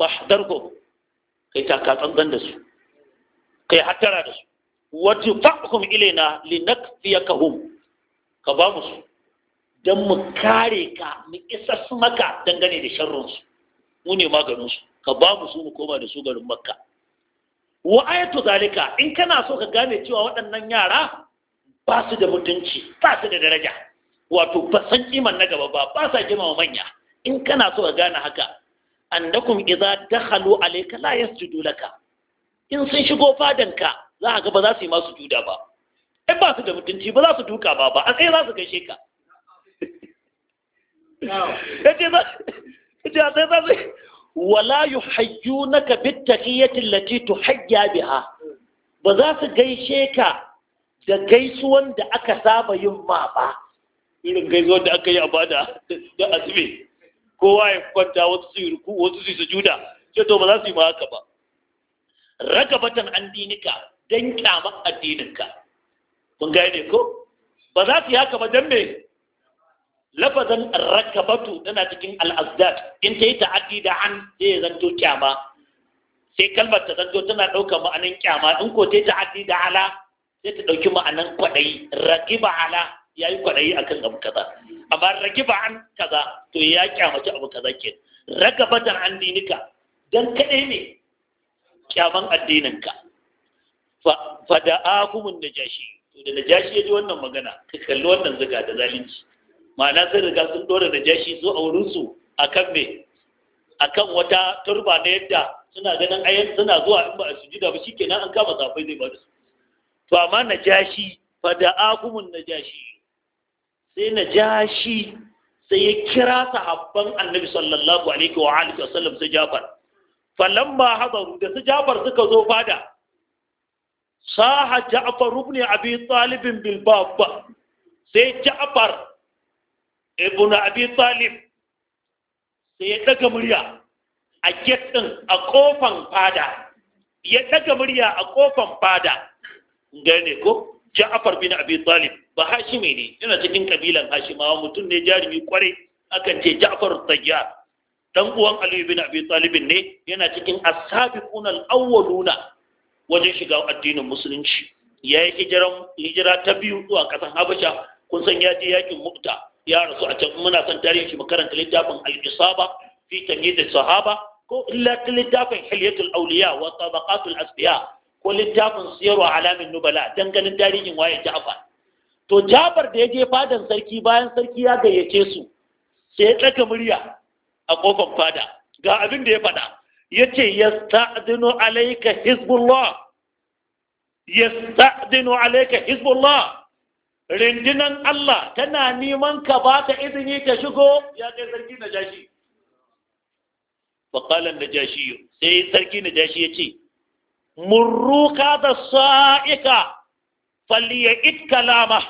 Speaker 1: fahdarhu kai ta ka tsantsan da su kai hattara da su wa tufahum ilaina linakfiyakahum ka ba mu su. don mu kare ka mu isas maka dangane da sharrunsu mu ne maganinsu ka ba mu su mu koma da su garin makka wa ayatu zalika in kana so ka gane cewa waɗannan yara ba su da mutunci ba su da daraja wato ba san kiman na gaba ba ba sa girmama manya in kana so ka gane haka annakum idza dakhalu alayka la yasjudu laka in sun shigo fadanka za a ga ba za su yi masu juda ba in ba su da mutunci ba za su duka ba ba a tsaye za su gaishe ka yace ba yace sai ba sai wala yuhayyunaka bittaqiyati allati tuhayya biha ba za su gaishe ka da gaisuwan da aka saba yin ma ba irin gaisuwan da aka yi a ba da azumi kowa ya kwanta wasu su yi ruku wasu su yi sujuda sai to ba za su yi ma haka ba batan an dinika dan kyama addininka kun gane ko ba za su yi haka ba don me lafazan rakabatu tana cikin al'azdat in ta yi ta'addi da an sai zanto kyama sai kalmar ta zanto tana ɗauka ma'anin kyama in ko ta yi ta'addi da ala sai ta ɗauki ma'anin kwaɗayi rakiba ala ya yi kwaɗayi kan abu kaza amma rakiba an kaza to ya kyamaci abu kaza ke rakabatan an dinika don kaɗai ne kyaman addininka fa da akumun najashi to da najashi ya ji wannan magana ka kalli wannan zuga da zalunci ma'ana sun riga sun dora da jashi su a wurinsu a kan me a kan wata turba na yadda suna ganin ayan suna zuwa in ba a sujuda ba shi kenan an kama zafai zai bada su to amma na jashi fa da akumun na jashi sai na jashi sai ya kira sahabban annabi sallallahu alaihi wa alihi wasallam su jafar falamma hadaru da su jafar suka zo fada saha ja'far ibn abi talib bil sai ja'far ibn abi talib sai ya daga murya a gettin a kofan fada ya daga murya a kofan fada gane ko ja'far bin abi talib ba hashimi ne yana cikin kabilan hashimawa mutum ne jarumi kwarai akan ce ja'far tayyar dan uwan ali bin abi talib ne yana cikin as al wajen shiga addinin musulunci ya yi hijira ta biyu zuwa kasan habasha kun san ya yakin mukta ya rasu a can muna son tarihin shi makaranta littafin al-isaba fi tamyiz sahaba ko illa littafin hilyatul awliya wa tabaqatul asbiya ko littafin siyarwa alamin nubala ganin tarihin waye ja'far to Jafar da ya je fadan sarki bayan sarki ya gayyace su sai ya tsaka murya a kofar fada ga abin da ya faɗa ya ce yasta'dinu alayka hizbullah yasta'dinu alayka hizbullah rindinan Allah tana neman ka ba ta izini ta shigo ya kai sarki na jashi faƙalan na jashi sai sarki na jashi ya ce murruka da sa'ika falliya it kalama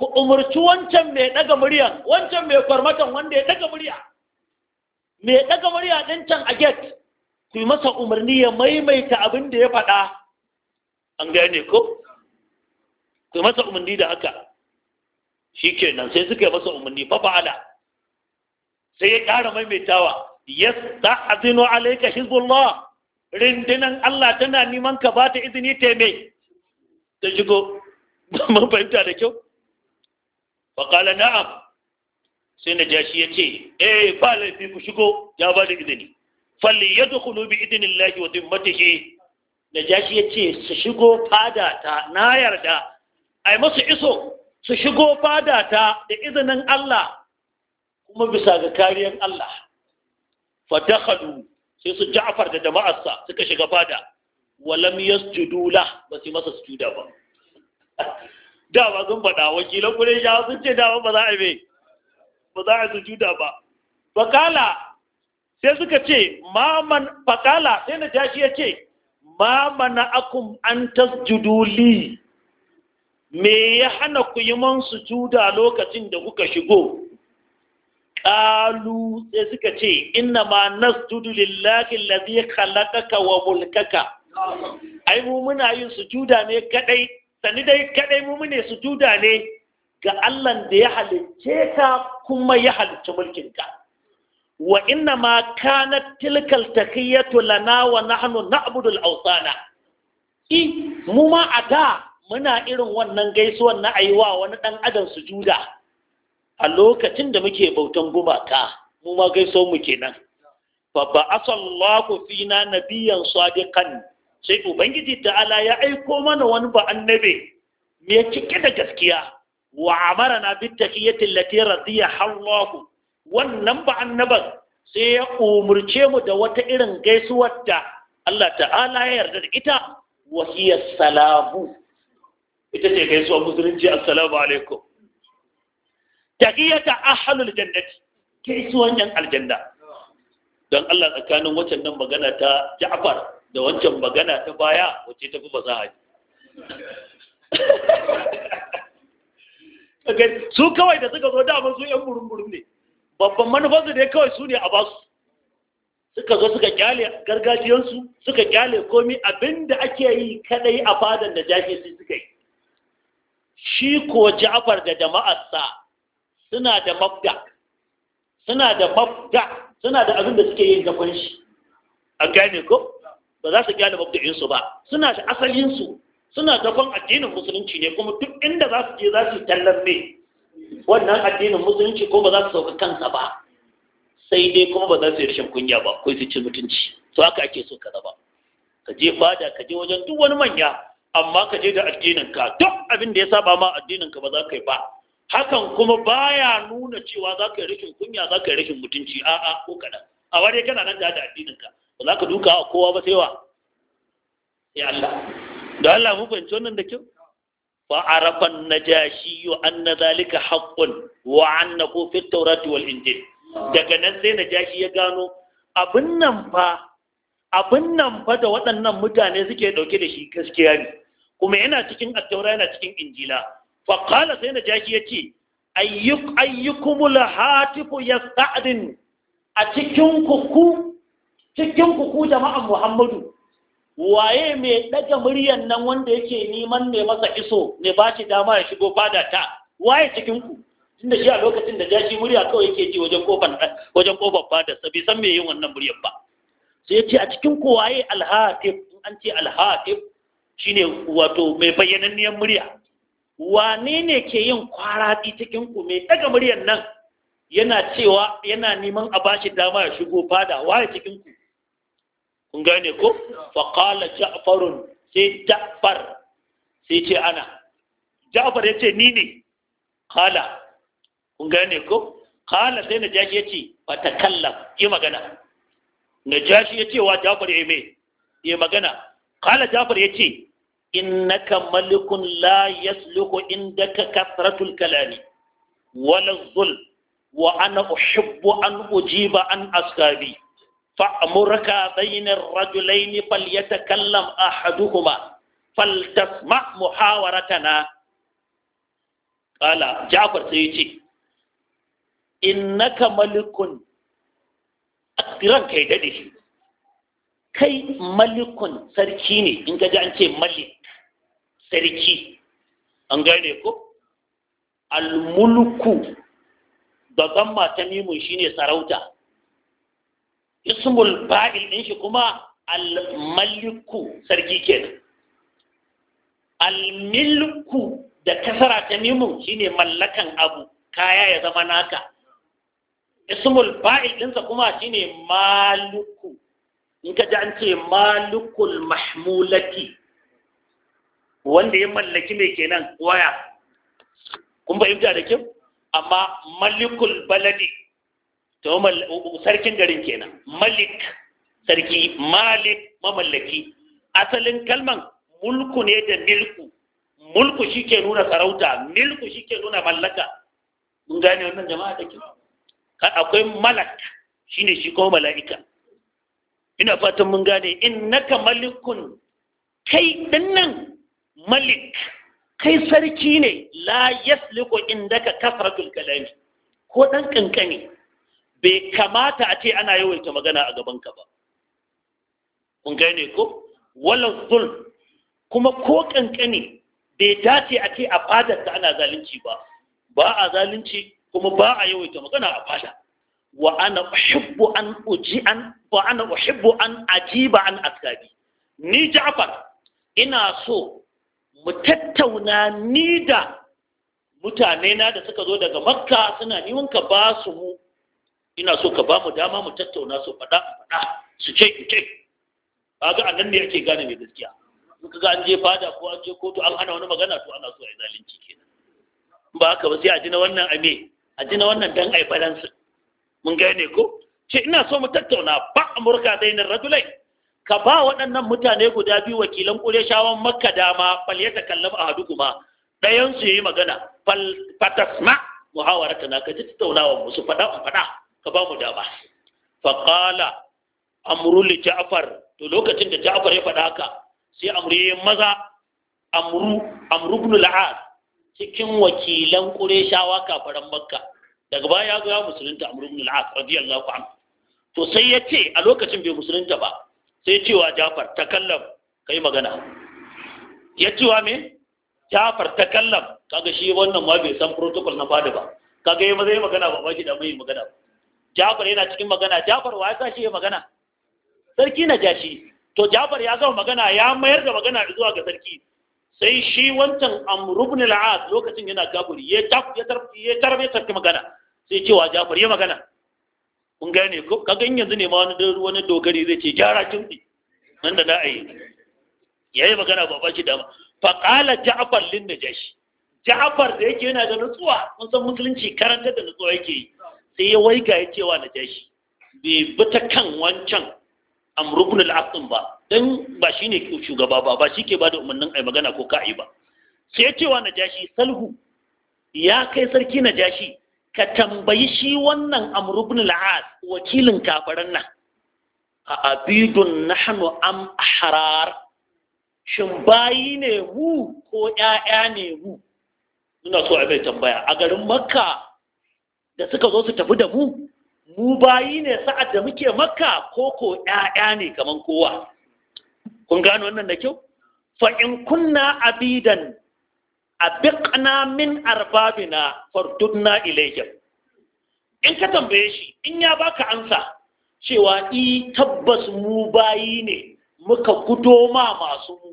Speaker 1: ku umarci wancan mai ɗaga murya wancan mai kwarmatan wanda ya ɗaga murya mai ɗaga murya ɗin can a get ku yi masa umarni ya maimaita abin da ya faɗa an gane ko su masa umarni da haka shi kenan sai suka yi masa umarni fa fa'ala sai ya ƙara maimaitawa yas ta'azinu alaika hizbullah rindinan Allah tana neman ka ba ta izini ta mai ta shigo mun fahimta da kyau fa na'am sai na jashi ya ce eh ba laifi ku shigo ya ba da izini falli yadkhulu bi idnillahi wa dimmatihi jashi ya ce su shigo fada ta na yarda yi masu iso su shigo fada ta da izinin Allah kuma bisa ga kariyar Allah fadakhalu sai su Ja'far da jama'arsa suka shiga fada walam yasjudu la ba su masa sujuda ba da ba sun faɗa wakilan Quraysh sun ce da ba za a yi ba za a sujuda ba fakala sai suka ce maman fakala sai na tashi ya ce ma mana akum an tasjudu li me ya hana ku yi man sujuda lokacin da kuka shigo ƙalu sai suka ce inna ma nasjudu lillahi allazi khalaqaka wa mulkaka ai mu muna yin sujuda ne kadai sani dai kadai mu mune sujuda ne ga Allah da ya halicce ka kuma ya halicci mulkin ka wa inna ma kanat tilkal tahiyyatu lana wa nahnu na'budu al-awsana i mu ma ada muna irin wannan gaisuwan na aiwa wani ɗan adam sujuda a lokacin da muke bautan gumaka mu ma gaisuwan mu kenan babba asallahu fina nabiyan sadiqan sai ubangiji ta'ala ya aiko mana wani ba annabi me cike da gaskiya wa amarana bi tahiyyati allati radiya Allahu wannan ba annaban sai ya umurce mu da wata irin gaisuwar da Allah ta'ala ya yarda da ita wa hiya salamu ita ce kai gaisuwar musulunci assalamu alaikum taqiyata ahlul jannati gaisuwan yan aljanna don Allah tsakanin wancan nan magana ta Ja'far da wancan magana ta baya wacce ta fi kage su kawai da suka zo daman su yan burumburun ne babban manufarsu dai kawai su ne a basu suka zo suka kyale gargajiyansu, suka kyale komai, abinda ake yi kadai a fadan da jashi sai suka yi shi ko Ja'far da jama'arsa suna da mabda suna da mabda suna da abin da suke yin gaban shi an gane ko ba za su gane su ba suna da su suna gaban addinin musulunci ne kuma duk inda za su je za su tallar me wannan addinin musulunci ko ba za su sauka kansa ba sai dai kuma ba za su yi rashin kunya ba ko su ci mutunci to haka ake so ka zaba ka je fada ka je wajen duk wani manya amma ka je da addininka duk abin da ya saba ma addininka ba za ka yi ba hakan kuma baya nuna cewa za ka yi rashin kunya za ka yi rashin mutunci a'a ko kaɗan a wani kana nan da addininka ba za ka duka a kowa ba sai wa ya Allah da Allah mu fahimci wannan da kyau fa arafan najashi wa anna zalika haqqun wa ku fi tawrat wal injil daga nan sai najashi ya gano abin nan fa abin nan fa da waɗannan mutane suke ɗauke da shi gaskiya ne kuma yana cikin attaura yana cikin injila faƙala sai na jaki ya ce ayyukumul hatifu ya sa'adin a cikin kuku cikin kuku jama'a muhammadu waye mai ɗaga muryan nan wanda yake neman ne masa iso ne ba shi dama ya shigo fada ta waye cikin ku tunda shi a lokacin da jashi murya kawai yake ji wajen kofar wajen kofar fada sa bai san me yin wannan muryan ba sai ya ce a cikin ku waye alhatif in an ce alhatif shine wato mai bayyananniyar murya wane ne ke yin kwaraɗi cikin ku mai daga muryar nan yana cewa yana neman a bashi dama ya shigo fada waye cikin ku kun gane ko fa qala ja'farun sai ja'far sai ce ana ja'far yace ni ne qala kun gane ko qala sai na jashi yace fa takallam yi magana na jashi yace wa ja'far yayi eh, yi magana qala jafar yace innaka malikun la yasluhu indaka kasratul kalami wala zul wa ana uhibbu an ujiba an ashabi fa'murka bayna ar-rajulayn falyatakallam ahaduhuma faltasma muhawaratana qala jafar sai yace innaka malikun ranka ya dade kai malikun sarki ne in ka ji an ce malik sarki an gane ko almulku da gamma ta mimun ne sarauta ismul fa'il ɗin shi kuma almaliku sarki ke. almilku da kasara ta mimun ne mallakan abu kaya ya zama naka ismul fa'il ɗinsa kuma shi ne maluku in ka ji an ce malikul mahmulati wanda ya mallaki mai kenan waya kun fahimta da kyau amma malikul baladi to sarkin garin kenan malik sarki malik mamallaki asalin kalman mulku ne da milku mulku shi ke nuna sarauta milku shi ke nuna mallaka mun gane wannan jama'a da kyau akwai malak shine shi ko mala'ika ina fatan mun gane in innaka malikun kai dinnan malik kai sarki ne la yasliqu indaka kasratul kalami ko dan kankani bai kamata a ce ana yawaita magana a gaban ka ba kun gane ko wala zul kuma ko kankani bai dace a ce a fadar ana zalunci ba ba a zalunci kuma ba a yawaita magana a fata. wa ana uhibbu an uji an wa ana uhibbu an ajiba an askabi ni Ja'far ina so mu tattauna ni da mutane na da suka zo daga Makka suna neman ka ba su mu ina so ka ba mu dama mu tattauna su faɗa faɗa su ce in ce kaga annan ne ake gane mai gaskiya in kaga an je fada ko an je kotu an hana wani magana to ana so a yi zalunci kenan ba haka ba sai a ji na wannan ame a ji na wannan dan ai balansin mun gane ko ce ina so mu tattauna ba amurka dainin radulai ka ba waɗannan mutane guda biyu wakilan ƙureshawan makka dama fal ya takallama a kuma ɗayan su yi magana fatasma muhawara na ka ji tattaunawa musu faɗa in ka ba mu dama faƙala amru li ja'far to lokacin da ja'far ya fada haka sai amru ya maza amru amru ibn al cikin wakilan ƙureshawa kafaran makka daga baya ya zo ya musulunta amr ibn al-as radiyallahu anhu to sai ya ce a lokacin bai musulunta ba sai cewa jafar takallam kai magana ya cewa me jafar takallam kaga shi wannan ma bai san protocol na fadi ba kaga yayi mazai magana ba baki da mai magana jafar yana cikin magana jafar wa ya sa shi ya magana sarki na jashi to jafar ya zama magana ya mayar da magana zuwa ga sarki sai shi wancan amr ibn al-as lokacin yana kaburi ya tarbe sarki magana sai cewa jafar ya magana kun gane ka gan yanzu ne ma wani dogari zai ce gyara kimɗi nan da za a yi ya yi magana ba bashi dama faƙala ja'afar lin da jashi da yake yana da nutsuwa kun san musulunci karanta da nutsuwa yake yi sai ya waiga ya cewa na bai bi ta kan wancan amrukun al'aqin ba dan ba shine shugaba ba ba ke ba da umarnin ai magana ko ka'i ba sai ya cewa na jashi salhu ya kai sarki Najashi. ka tambayi shi wannan amurubin la'ad wakilin kafirin nan a abidun na nahnu am harar. shin bayi ne mu ko 'ya'ya ne mu ina so a mai tambaya a garin makka da suka zo su tafi da mu mu bayi ne sa'ad da muke makka ko ko 'ya'ya ne kamar kowa kun gano wannan da kyau fa'in kunna abidan abiqna min arbabina fardudna ilayhim in ka tambaye shi in ya baka ansa cewa i tabbas mu bayi ne muka fito ma masu mu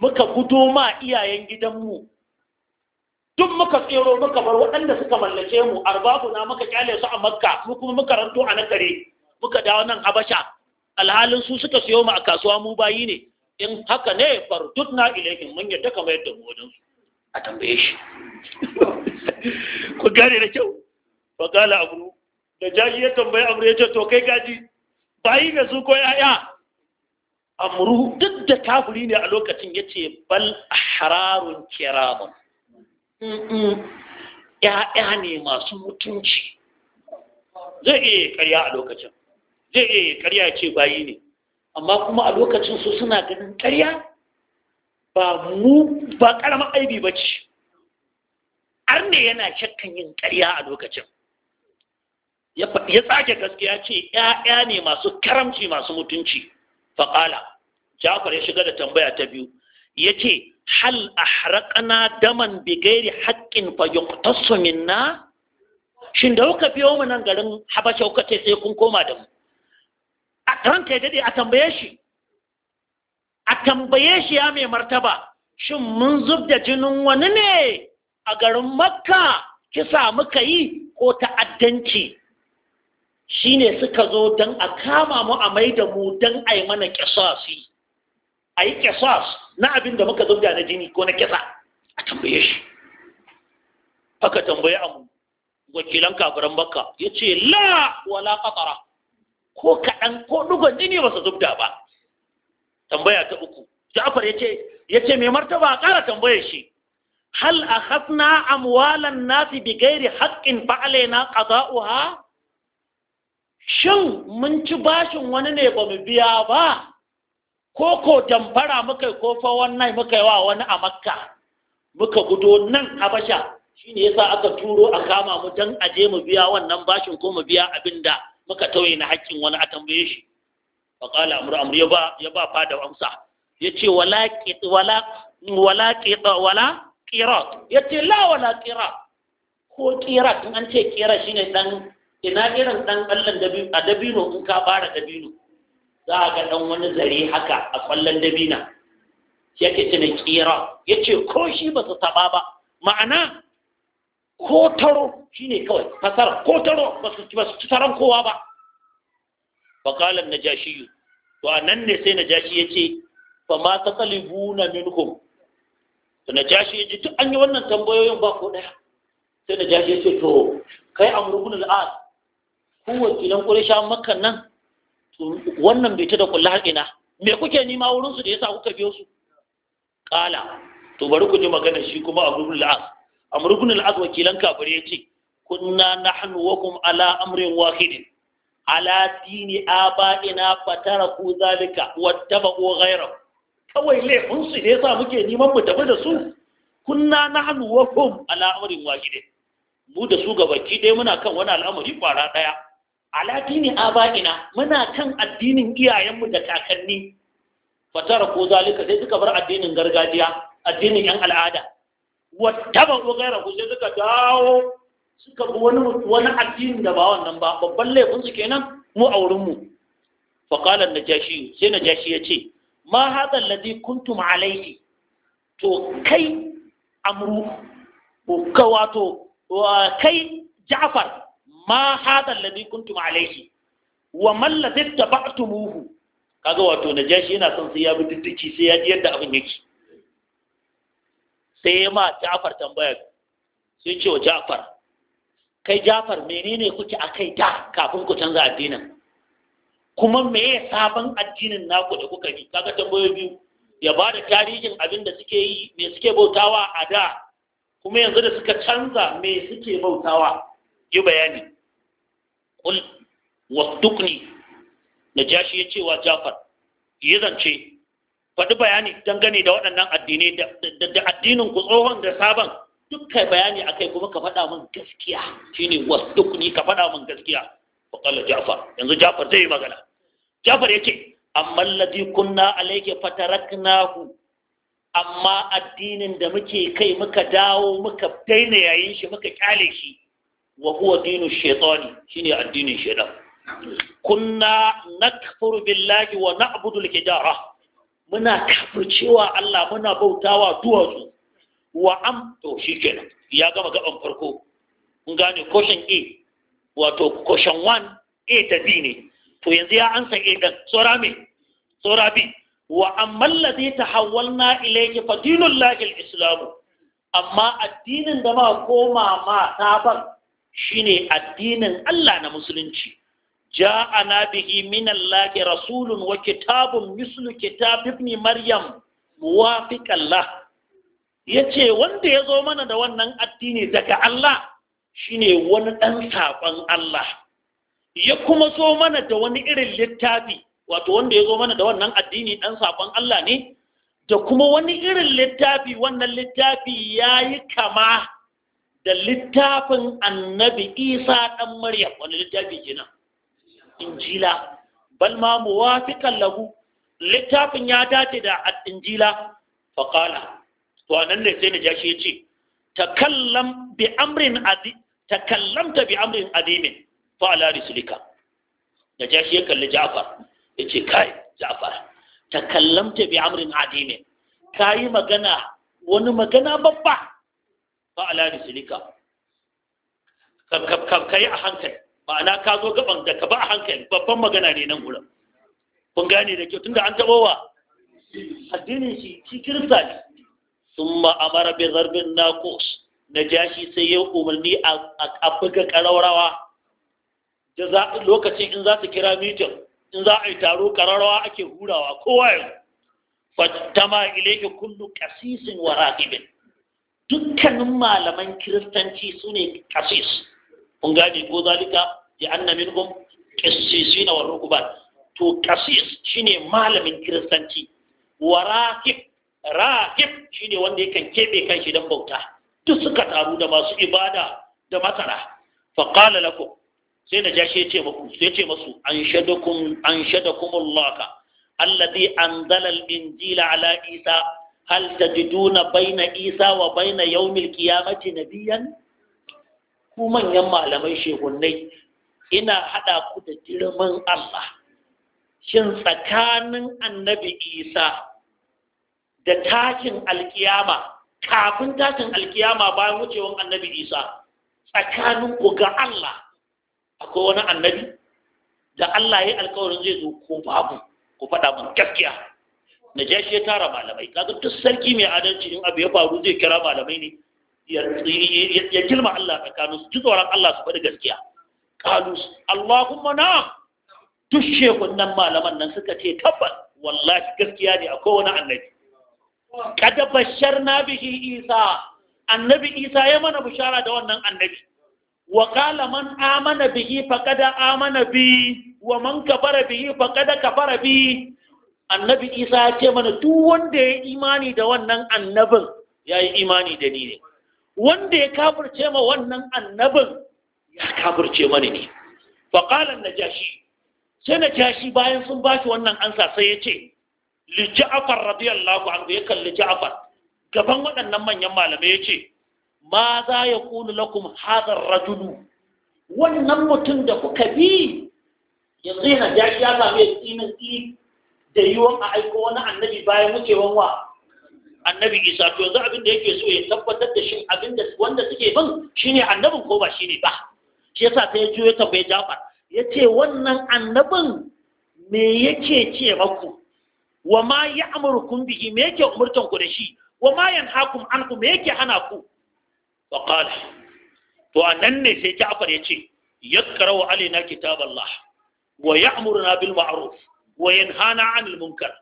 Speaker 1: muka ma iyayen gidanmu duk muka tsero muka bar waɗanda suka mallace mu arbabuna muka kyale su a makka mu kuma muka ranto a nakare muka dawo nan habasha alhalin su suka siyo mu a kasuwa mu bayi ne in haka ne na ilaikin mun yadda kamar yadda mu wajen a tambaye shi ku gane da kyau ba gala abu da jaji ya tambaye amru ya ce to kai gaji bayi da su ko ya'ya amru duk da kafuri ne a lokacin ya ce bal a hararun kiramun ya'ya ne masu mutunci zai iya karya a lokacin zai iya karya ce bayi ne amma kuma a lokacin su suna ganin karya ba mu ba ƙaramin aibi ba ce har yana shakkan yin ƙarya a lokacin ya tsake gaskiya ce ‘ya'ya ne masu karamci masu mutunci faƙala jafar ya shiga da tambaya ta biyu ya ce hal a harakana daman bigairi haƙƙin fayyuktassu minna shin da kuka biyo mu nan garin habasha kuka sai kun koma da mu a ranka ya daɗe a tambaye shi a tambaye shi ya mai martaba shin mun zub da jinin wani ne a garin makka kisa muka yi ko ta'addanci shi ne suka zo don a kama mu a mai da mu don a yi mana kisasi a yi kisas na abin da muka zub da na jini ko na kisa a tambaye shi aka tambaye amu wakilan kafiran makka ya ce la wala katara ko kaɗan ko dugon jini ba su zub da ba tambaya ta uku Ja'far yace yace mai martaba ƙara tambayar shi hal akhadna amwalan nasi bi ghairi haqqin fa alaina qada'uha shin mun ci bashin wani ne ba mu biya ba ko ko damfara muka ko fa wannan muka yi wa wani a makka muka gudo nan a habasha shine yasa aka turo a kama mu dan aje mu biya wannan bashin ko mu biya abinda muka tauye na haƙƙin wani a tambaye shi فقال أمر أمر ya ba بعد أمسا ya ce, wala ولا ولا كت ولا كيرات يتي لا ولا ko ƙira in an ce shi shine ɗan, ina irin ɗan ƙallon dabino a dabino in ka fara dabino za a ga ɗan wani zare haka a ƙwallon dabina yake ƙira Ya ce, ko shi ba su taɓa ba ma'ana ko taro ne kawai fasara ko taro ba su ci taron kowa ba faƙalar na jashi to a nan ne sai na jashi ya ce fa ma ta talibu na minhum to na jashi ya ce an yi wannan tambayoyin ba ko ɗaya sai na jashi ya ce to kai amurkun al'ad ku wakilan ƙurisha makan nan wannan bai ta da kullar ina me kuke nima wurinsu da yasa kuka biyo su ƙala to bari ku ji magana shi kuma amurkun al'ad amurkun al'ad wakilan kafir ya ce kunna nahnu wa kum ala amrin wahidin ala dini aba'ina ku zalika wattaba'u ghayrahu kawai laifinsu su ne sa muke neman mu tafi da su kunna nahnu wa hum ala amrin mu da su gabaki dai muna kan wani al'amari kwara daya ala dini aba'ina muna kan addinin iyayenmu da kakanni ku zalika sai suka bar addinin gargajiya addinin yan al'ada wattaba'u ku sai suka dawo suka bi wani wani addini da ba wannan ba babban laifin su kenan mu a wurin mu fa qala najashi sai najashi yace ma hadha alladhi kuntum alayhi to kai amru ko ka wato kai ja'far ma hadha alladhi kuntum alayhi wa man ladhi taba'tumuhu kaga wato najashi yana son sai ya bi diddiki sai ya ji yadda abin yake sai ya ma ja'far tambaya sai ce wa ja'far kai jafar menene kuke a kai da kafin ku canza addinin kuma me ya sabon addinin naku da kuka bi kaga tambayoyi biyu ya ba da tarihin abin da suke yi me suke bautawa a da kuma yanzu da suka canza me suke bautawa yi bayani kul wasdukni najashi ya ce wa jafar yi zance faɗi bayani dangane da waɗannan addinai da addinin ku tsohon da sabon dukkan bayani akai kuma ka faɗa min gaskiya shine wasdukni ka faɗa min gaskiya fa ja'far yanzu ja'far zai magana ja'far yake. amma alladhi kunna alayka fataraknahu amma addinin da muke kai muka dawo muka daina yayin shi muka kyale shi wa huwa dinu shaytani shine addinin shaytan kunna nakfuru billahi wa na'budu al-hijara muna kafircewa Allah muna bautawa duwatsu wa am to shi kenan ya gama gaban farko kun gane koshin a wato koshin 1 a ta b ne to yanzu ya ansa a dan tsora me tsora b wa amman ladhi tahawwalna ilayhi fa dinullahi al-islam amma addinin da ma koma ma sabon shine addinin Allah na musulunci Ja a na bihi minan Allah rasulun wa kitabun mislu kitab ibn maryam muwafiqan lahu ya ce wanda ya zo mana da wannan addini daga Allah shine wani ɗan saƙon Allah ya kuma zo mana da wani irin littafi wato wanda ya zo mana da wannan addini ɗan saƙon Allah ne da kuma wani irin littafi wannan littafi ya yi kama da littafin annabi isa ɗan maryam wani littafi kenan injila bal ma muwafiqan littafin ya dace da injila faqala to anan ne sai na najashi ya ce takallam bi amrin adi takallamta bi amrin adimin fa ala risulika najashi ya kalli Ja'far ya ce kai Ja'far takallamta bi amrin adimin kayi magana wani magana babba fa ala risulika kai a hankali ma'ana ka zo gaban da ka ba a hankali babban magana ne nan gurin kun gane da kyau tunda an taɓo addinin shi shi kirista ne thumma amara bi zarbin naqus najashi sai ya umarni a buga kararrawa lokacin in za su kira meeting in za a yi taro kararrawa ake hurawa kowa ya fatama ilayka kullu qasisin wa raqibin dukkanin malaman kiristanci su ne qasis kun gane ko zalika ya anna minhum qissisina wa rukuban to qasis shine malamin kiristanci wa raqib ra'ib shine wanda yakan kebe kanshi dan bauta duk suka taru da masu ibada da masara fa qala sai da jashi yace muku sai An musu anshadakum anshadakum Allah alladhi anzala al-injila ala Isa hal tajiduna baina Isa wa baina yawmil qiyamati nabiyan ku manyan malamai shehunnai ina haɗa ku da girman Allah shin tsakanin annabi Isa da tashin alkiyama kafin tashin alkiyama bayan wucewan annabi isa tsakanin ku ga Allah akwai wani annabi da Allah ya alkawarin zai zo ko babu ku faɗa mun gaskiya na shi ya tara malamai kaga duk sarki mai adalci in abu ya faru zai kira malamai ne ya girma Allah tsakanin su ji tsoron Allah su faɗi gaskiya kalu Allahumma na duk shekun malaman nan suka ce tabbas wallahi gaskiya ne akwai wani annabi kada bashar na bihi isa annabi isa ya mana bishara da wannan annabi wa kala man amana bihi kada amana bi wa man kafara bihi faqad kafara bi annabi isa ya ce mana duk wanda ya imani da wannan annabin ya yi imani da ni ne wanda ya kafirce ma wannan annabin ya kafirce mani ne faqala najashi sai najashi bayan sun bashi wannan ansa sai ya ce li ja'far radiyallahu anhu ya kalli ja'far gaban waɗannan manyan malamai yace ma za ya kulu lakum hadar rajulu wannan mutum da kuka bi yanzu yana jashi ya samu ya tsinin da yiwon a aiko wani annabi bayan wucewan wa annabi isa to yanzu abin da yake so ya tabbatar da shi abin da wanda suke bin shine annabin ko ba shine ba shi yasa sai ya juyo tambaye jafar ya ce wannan annabin me yake ce maku wa ma kun bihi me yake umurtan ku da shi wa ma an ku me yake hana ku wa qala to anan ne sai Ja'far ce yakrawu alaina kitaballah wa ya'muruna bil ma'ruf wa yanhana 'anil munkar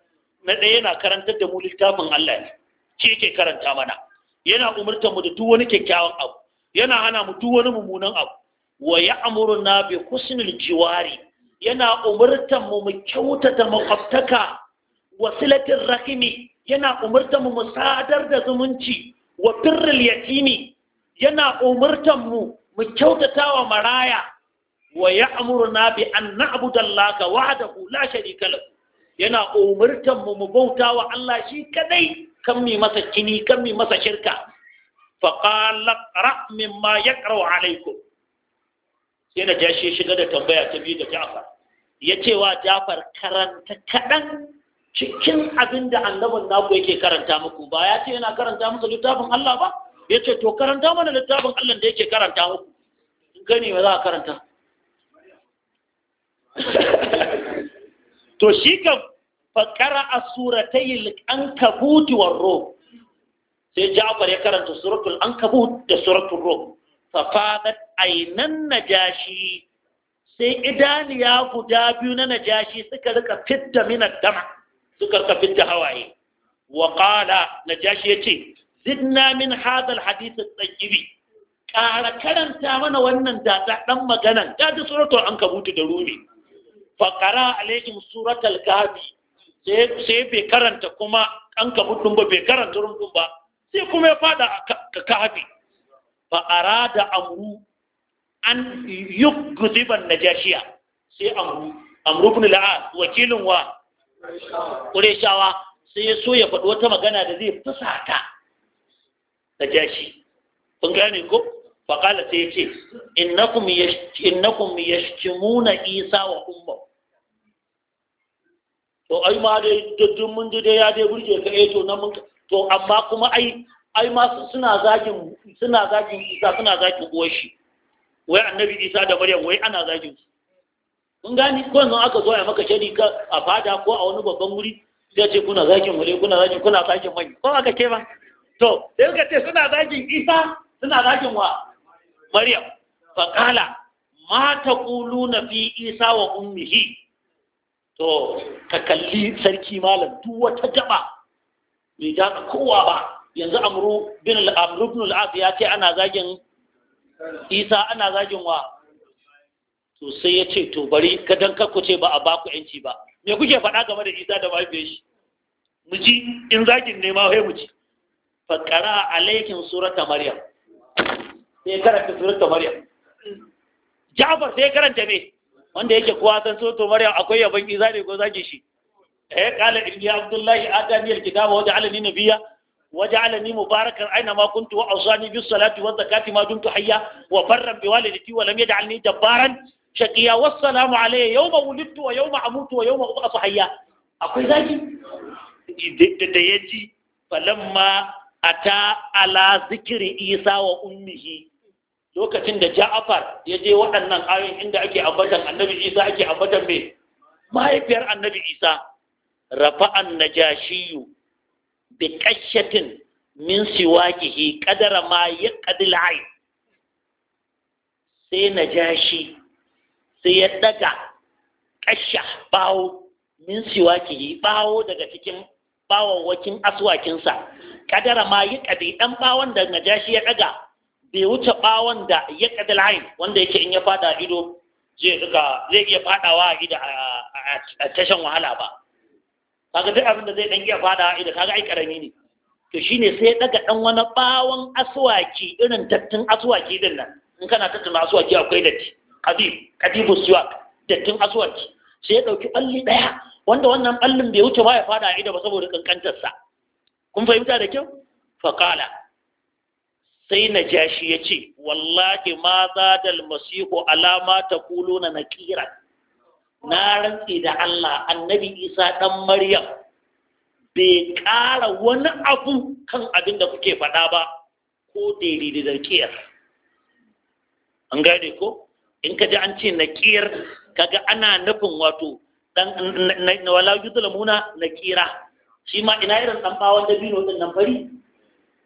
Speaker 1: na ɗaya yana karantar da mu littafin Allah ne ke yake karanta mana yana umurtan mu da duk wani kyakkyawan abu yana hana mu duk wani mummunan abu wa ya'muruna bi husnil jiwari yana umurtan mu mu kyautata makwabtaka wasilatin rahimi yana umurtan mu sadar da zumunci wa birril yatimi yana umurtan mu mu wa maraya wa ya'muruna bi an na'budu Allah wahdahu la sharika lahu yana umurtan mu mu bautawa Allah shi kadai kan mi masa kini kan mi masa shirka fa qala ra mimma yaqra'u alaikum sai na ja shiga da tambaya ta biyu da Ja'far yace wa Ja'far karanta kadan cikin abin da annabin naku yake karanta muku ba ya ce yana karanta muku littafin Allah ba ya ce to karanta mana littafin Allah da yake karanta muku in gani ba za a karanta to shi ka fakara a suratai al-ankabut war ruh sai Ja'far ya karanta suratul kabuti da suratul ro fa fadat na jashi. sai idaniya guda biyu na na jashi suka rika fitta minar dama suka kafin ta hawaye wa qala ya ce zidna min hadal alhadith at ƙara karanta mana wannan dada dan maganan ta ji suratul ankabutu da rumi fa qara alaihim suratul kahfi sai bai karanta kuma an din ba bai karanta rum ba sai kuma ya fada kahfi fa da amru an na jashiya sai amru amru bin al wakilin wa ƙureshawa sai ya so ya faɗi wata magana da zai fusata da jashi kun gane ko faƙala sai ya ce innakum yashtimuna isa wa umma to ai ma dai daddun mun dai ya dai burge ka eh to nan mun to amma kuma ai ai ma suna zagin suna zagin isa suna zagin uwar shi wai annabi isa da maryam wai ana zagin su kun gani ko yanzu aka zo a maka shari a fada ko a wani babban wuri sai ce kuna zakin wuri kuna zakin kuna zakin wani ko aka ce ba to sai ka ce suna zakin isa suna zakin wa maryam faqala ma taquluna fi isa wa ummihi to ka kalli sarki malam duk wata jaba bai ja kowa ba yanzu amru bin al-amru ibn al-as ya ce ana zagin isa ana zagin wa to sai ya ce to bari kadan kakku ce ba a baku yanci ba me kuke faɗa game da isa da mahaifiyar shi mu ji in zakin nema wai mu ji fakara alaikin surata maryam sai karanta surata maryam jafar sai karanta me wanda yake kowa san surata maryam akwai yaban isa ne ko zaki shi eh qala inni abdullahi atani alkitaba wa ja'alani nabiyya wa ja'alani mubarakan aina ma kuntu wa awsani bis salati wa zakati ma dumtu hayya wa barran bi walidati wa lam yaj'alni jabbaran shaqiya wassalamu alayya yawma wulidtu wa yawma amutu wa yawma ub'athu hayya akwai zaki da yaji falamma ata ala zikri isa wa ummihi lokacin da ja'afar ya je waɗannan ayoyin inda ake ambatan annabi isa ake ambatan me mahaifiyar annabi isa rafa'an najashiyu bi kashatin min siwakihi qadara ma yaqdil ay sai najashi sai ya daga ƙasha bawo min yi bawo daga cikin bawawakin aswakinsa kadara ma yi kadi dan bawon da jashi ya daga bai wuce bawon da ya kadi layin wanda yake in ya fada ido zai duka zai iya fadawa ido a tashan wahala ba kaga duk abin da zai dan iya fadawa ido kaga ai karami ne to shine sai ya daga dan wani bawon aswaki irin tattun aswaki din nan in kana tattuna aswaki akwai datti kadib kadibu siwak dattin aswaki sai ya ɗauki ɓalli ɗaya wanda wannan ɓallin bai wuce ba ya fada a ido ba saboda ƙanƙantarsa kun fahimta da kyau kala sai Najashi yace wallahi ma za da almasihu alama ta kulo na nakira na rantsi da Allah annabi isa ɗan maryam bai ƙara wani abu kan abin da kuke faɗa ba ko daidai da kiyar an gane ko in ka ji an ce na ƙiyar, kaga ana nufin wato dan na wala na naƙira shi ma ina irin dan bawon dabino din nan fari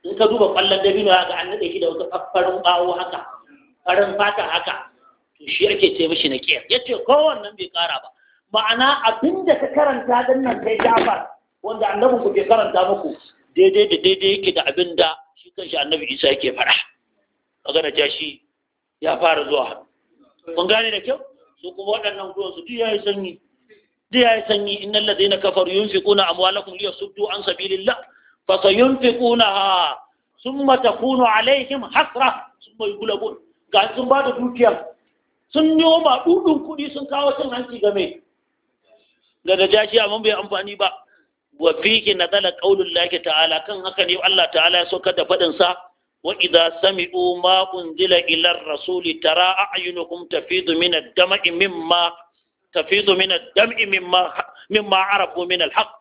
Speaker 1: in ka duba kwallon dabino ya an nade shi da wata farin bawo haka farin fata haka to shi ake ce mishi naƙir yace kowannan bai kara ba ma'ana abinda ka karanta din nan sai Jafar wanda annabi ku ke karanta muku daidai da daidai yake da abinda shi kanshi annabi Isa yake fara magana ta shi ya fara zuwa kun gane da kyau su kuma waɗannan ruwan su ya yi sanyi duk ya yi sanyi innal ladina kafaru yunfiquna amwalakum liyasuddu an sabilillah fa sayunfiqunaha thumma takunu alaihim hasra thumma yughlabun ga sun ba da dukiyar sun yi dudun kuɗi sun kawo cin hanci game ga da jashi amma bai amfani ba wa fihi nazala qaulul lahi ta'ala kan haka ne Allah ta'ala ya saukar da fadin sa وإذا سمعوا ما أنزل إلى الرسول ترى أعينهم تفيض من الدمع مما تفيض من الدمع مما مما عرفوا من الحق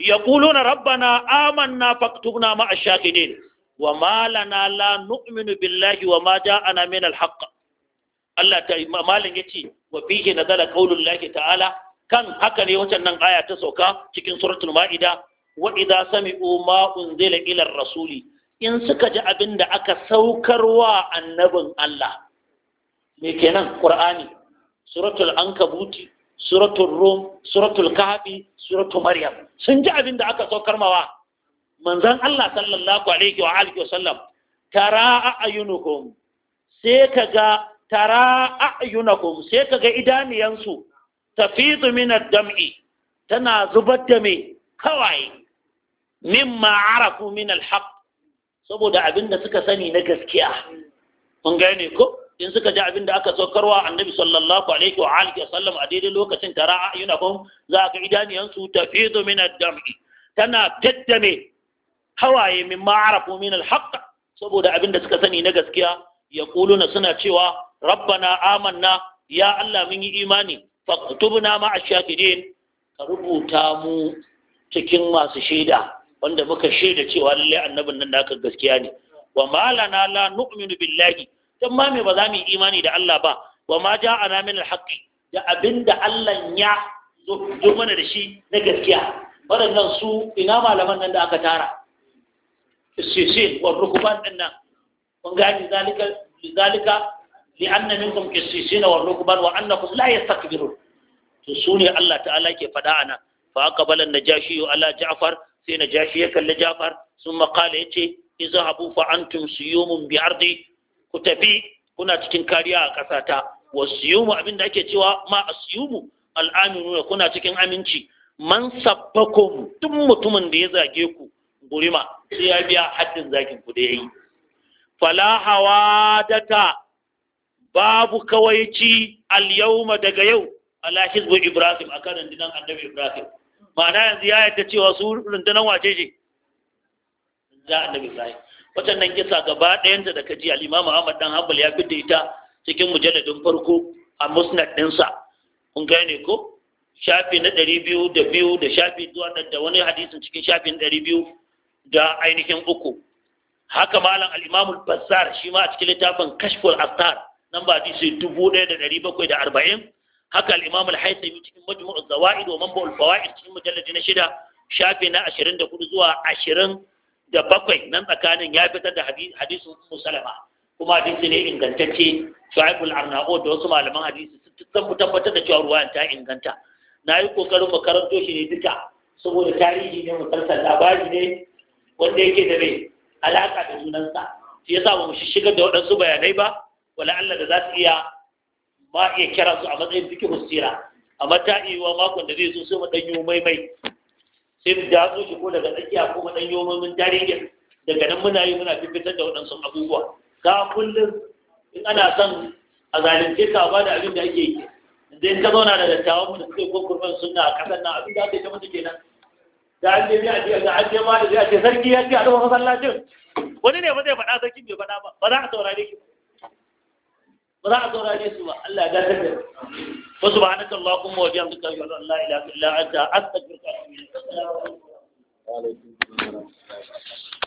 Speaker 1: يقولون ربنا آمنا فاكتبنا مع الشاهدين وما لنا لا نؤمن بالله وما جاءنا من الحق الله مالن يتي وفيه نزل قول الله تعالى كان haka ne wancan nan aya ta sauka cikin suratul ma'ida wa idza sami'u ma unzila ila rasuli in suka ji abin da aka saukarwa annabin Allah me kenan Qur'ani suratul ankabuti suratul rum suratul kahfi suratul maryam sun ji abin da aka saukar mawa manzon Allah sallallahu alaihi wa alihi wasallam tara ayunukum sai kaga tara ayunukum sai kaga idaniyansu tafidu min dami tana zubar da me kawai mimma arafu min al-haqq saboda abinda suka sani na gaskiya mun gane ko in suka ji abin da aka saukarwa annabi sallallahu alaihi wa alihi wasallam a daidai lokacin tara ayunakum za ka idaniyansu tafidu min ad tana taddame hawaye min ma'arafu min al-haqq saboda abinda suka sani na gaskiya yaquluna suna cewa rabbana amanna ya Allah mun yi imani faktubna ma'a shahidin ka rubuta mu cikin masu shaida wanda muka shaida cewa lallai annabin nan da aka gaskiya ne wa malana la nu'minu billahi dan ma me ba za mu yi imani da Allah ba wa ma ja'ana min al-haqqi da abinda Allah ya zo mana da shi na gaskiya waɗannan su ina malaman nan da aka tara sisin wa rukuban din nan kun gani zalika zalika li anna minkum kisisin wa rukuban wa annakum la yastakbirun to su ne Allah ta'ala ke faɗa ana fa aqbala an-najashi ala ja'far sai na jashi ya kalli jafar sun makala ya ce izhabu fa antum siyomin bi dai? ku tafi kuna cikin kariya a ƙasata wa siyomu abin da ake cewa ma a siyomu al'aminu kuna cikin aminci man sabbakum duk mutumin da ya zage ku gurima sai ya biya haddin zakin ku da yayi fala babu kawaici al yau daga yau ala hizbu ibrahim akan dinan annabi ibrahim ma'ana yanzu ya yadda cewa su rundunar wace ce za annabi ibrahim watannan kisa gaba ɗayanta da kaji al-imam ahmad dan hanbal ya fidda ita cikin mujalladin farko a musnad dinsa kun kai ne ko shafi na ɗari biyu da biyu da shafi zuwa da wani hadisin cikin shafin ɗari biyu da ainihin uku haka malam al-imam al shi ma a cikin littafin kashful astar nan ba hadisi dubu ɗaya da ɗari bakwai da arba'in haka al-imam al-haythami cikin majmu'uz zawaid wa manba'ul fawaid cikin mujalladi na shida shafi na ashirin da 24 zuwa ashirin da bakwai nan tsakanin ya fitar da hadisin Ummu kuma hadisi ne ingantacce Shu'aib al-Arnaud da wasu malaman hadisi sun tabbatar da cewa ruwayan ta inganta na yi kokarin mu karanto shi ne duka saboda tarihi ne musalsal labari ne wanda yake da mai alaƙa da sunansa shi yasa ba mu shigar da waɗansu bayanai ba wala Allah da za su iya ma iya kira su a matsayin fikihu sira amma ta iya makon da zai so sai mu danyo maimai sai mu datso shi ko daga tsakiya ko mu danyo maimin tarihin daga nan muna yi muna fifitar da waɗansu abubuwa ka kullum in ana son a zalunce ka ba da abin da ake yi idan ta zauna da dattawan mu da suke ko kurban sunna a ƙasar nan abin da ake ta mutu kenan da an je a ce ga an je ma da a ce sarki ya ce a dafa masallacin wani ne ba zai faɗa sarki bai faɗa ba ba za a saurare ki ba ba za a ne su ba Allah ya gata da wa subhanaka allahumma wa bihamdika ashhadu an la ilaha illa anta astaghfiruka wa atubu ilaik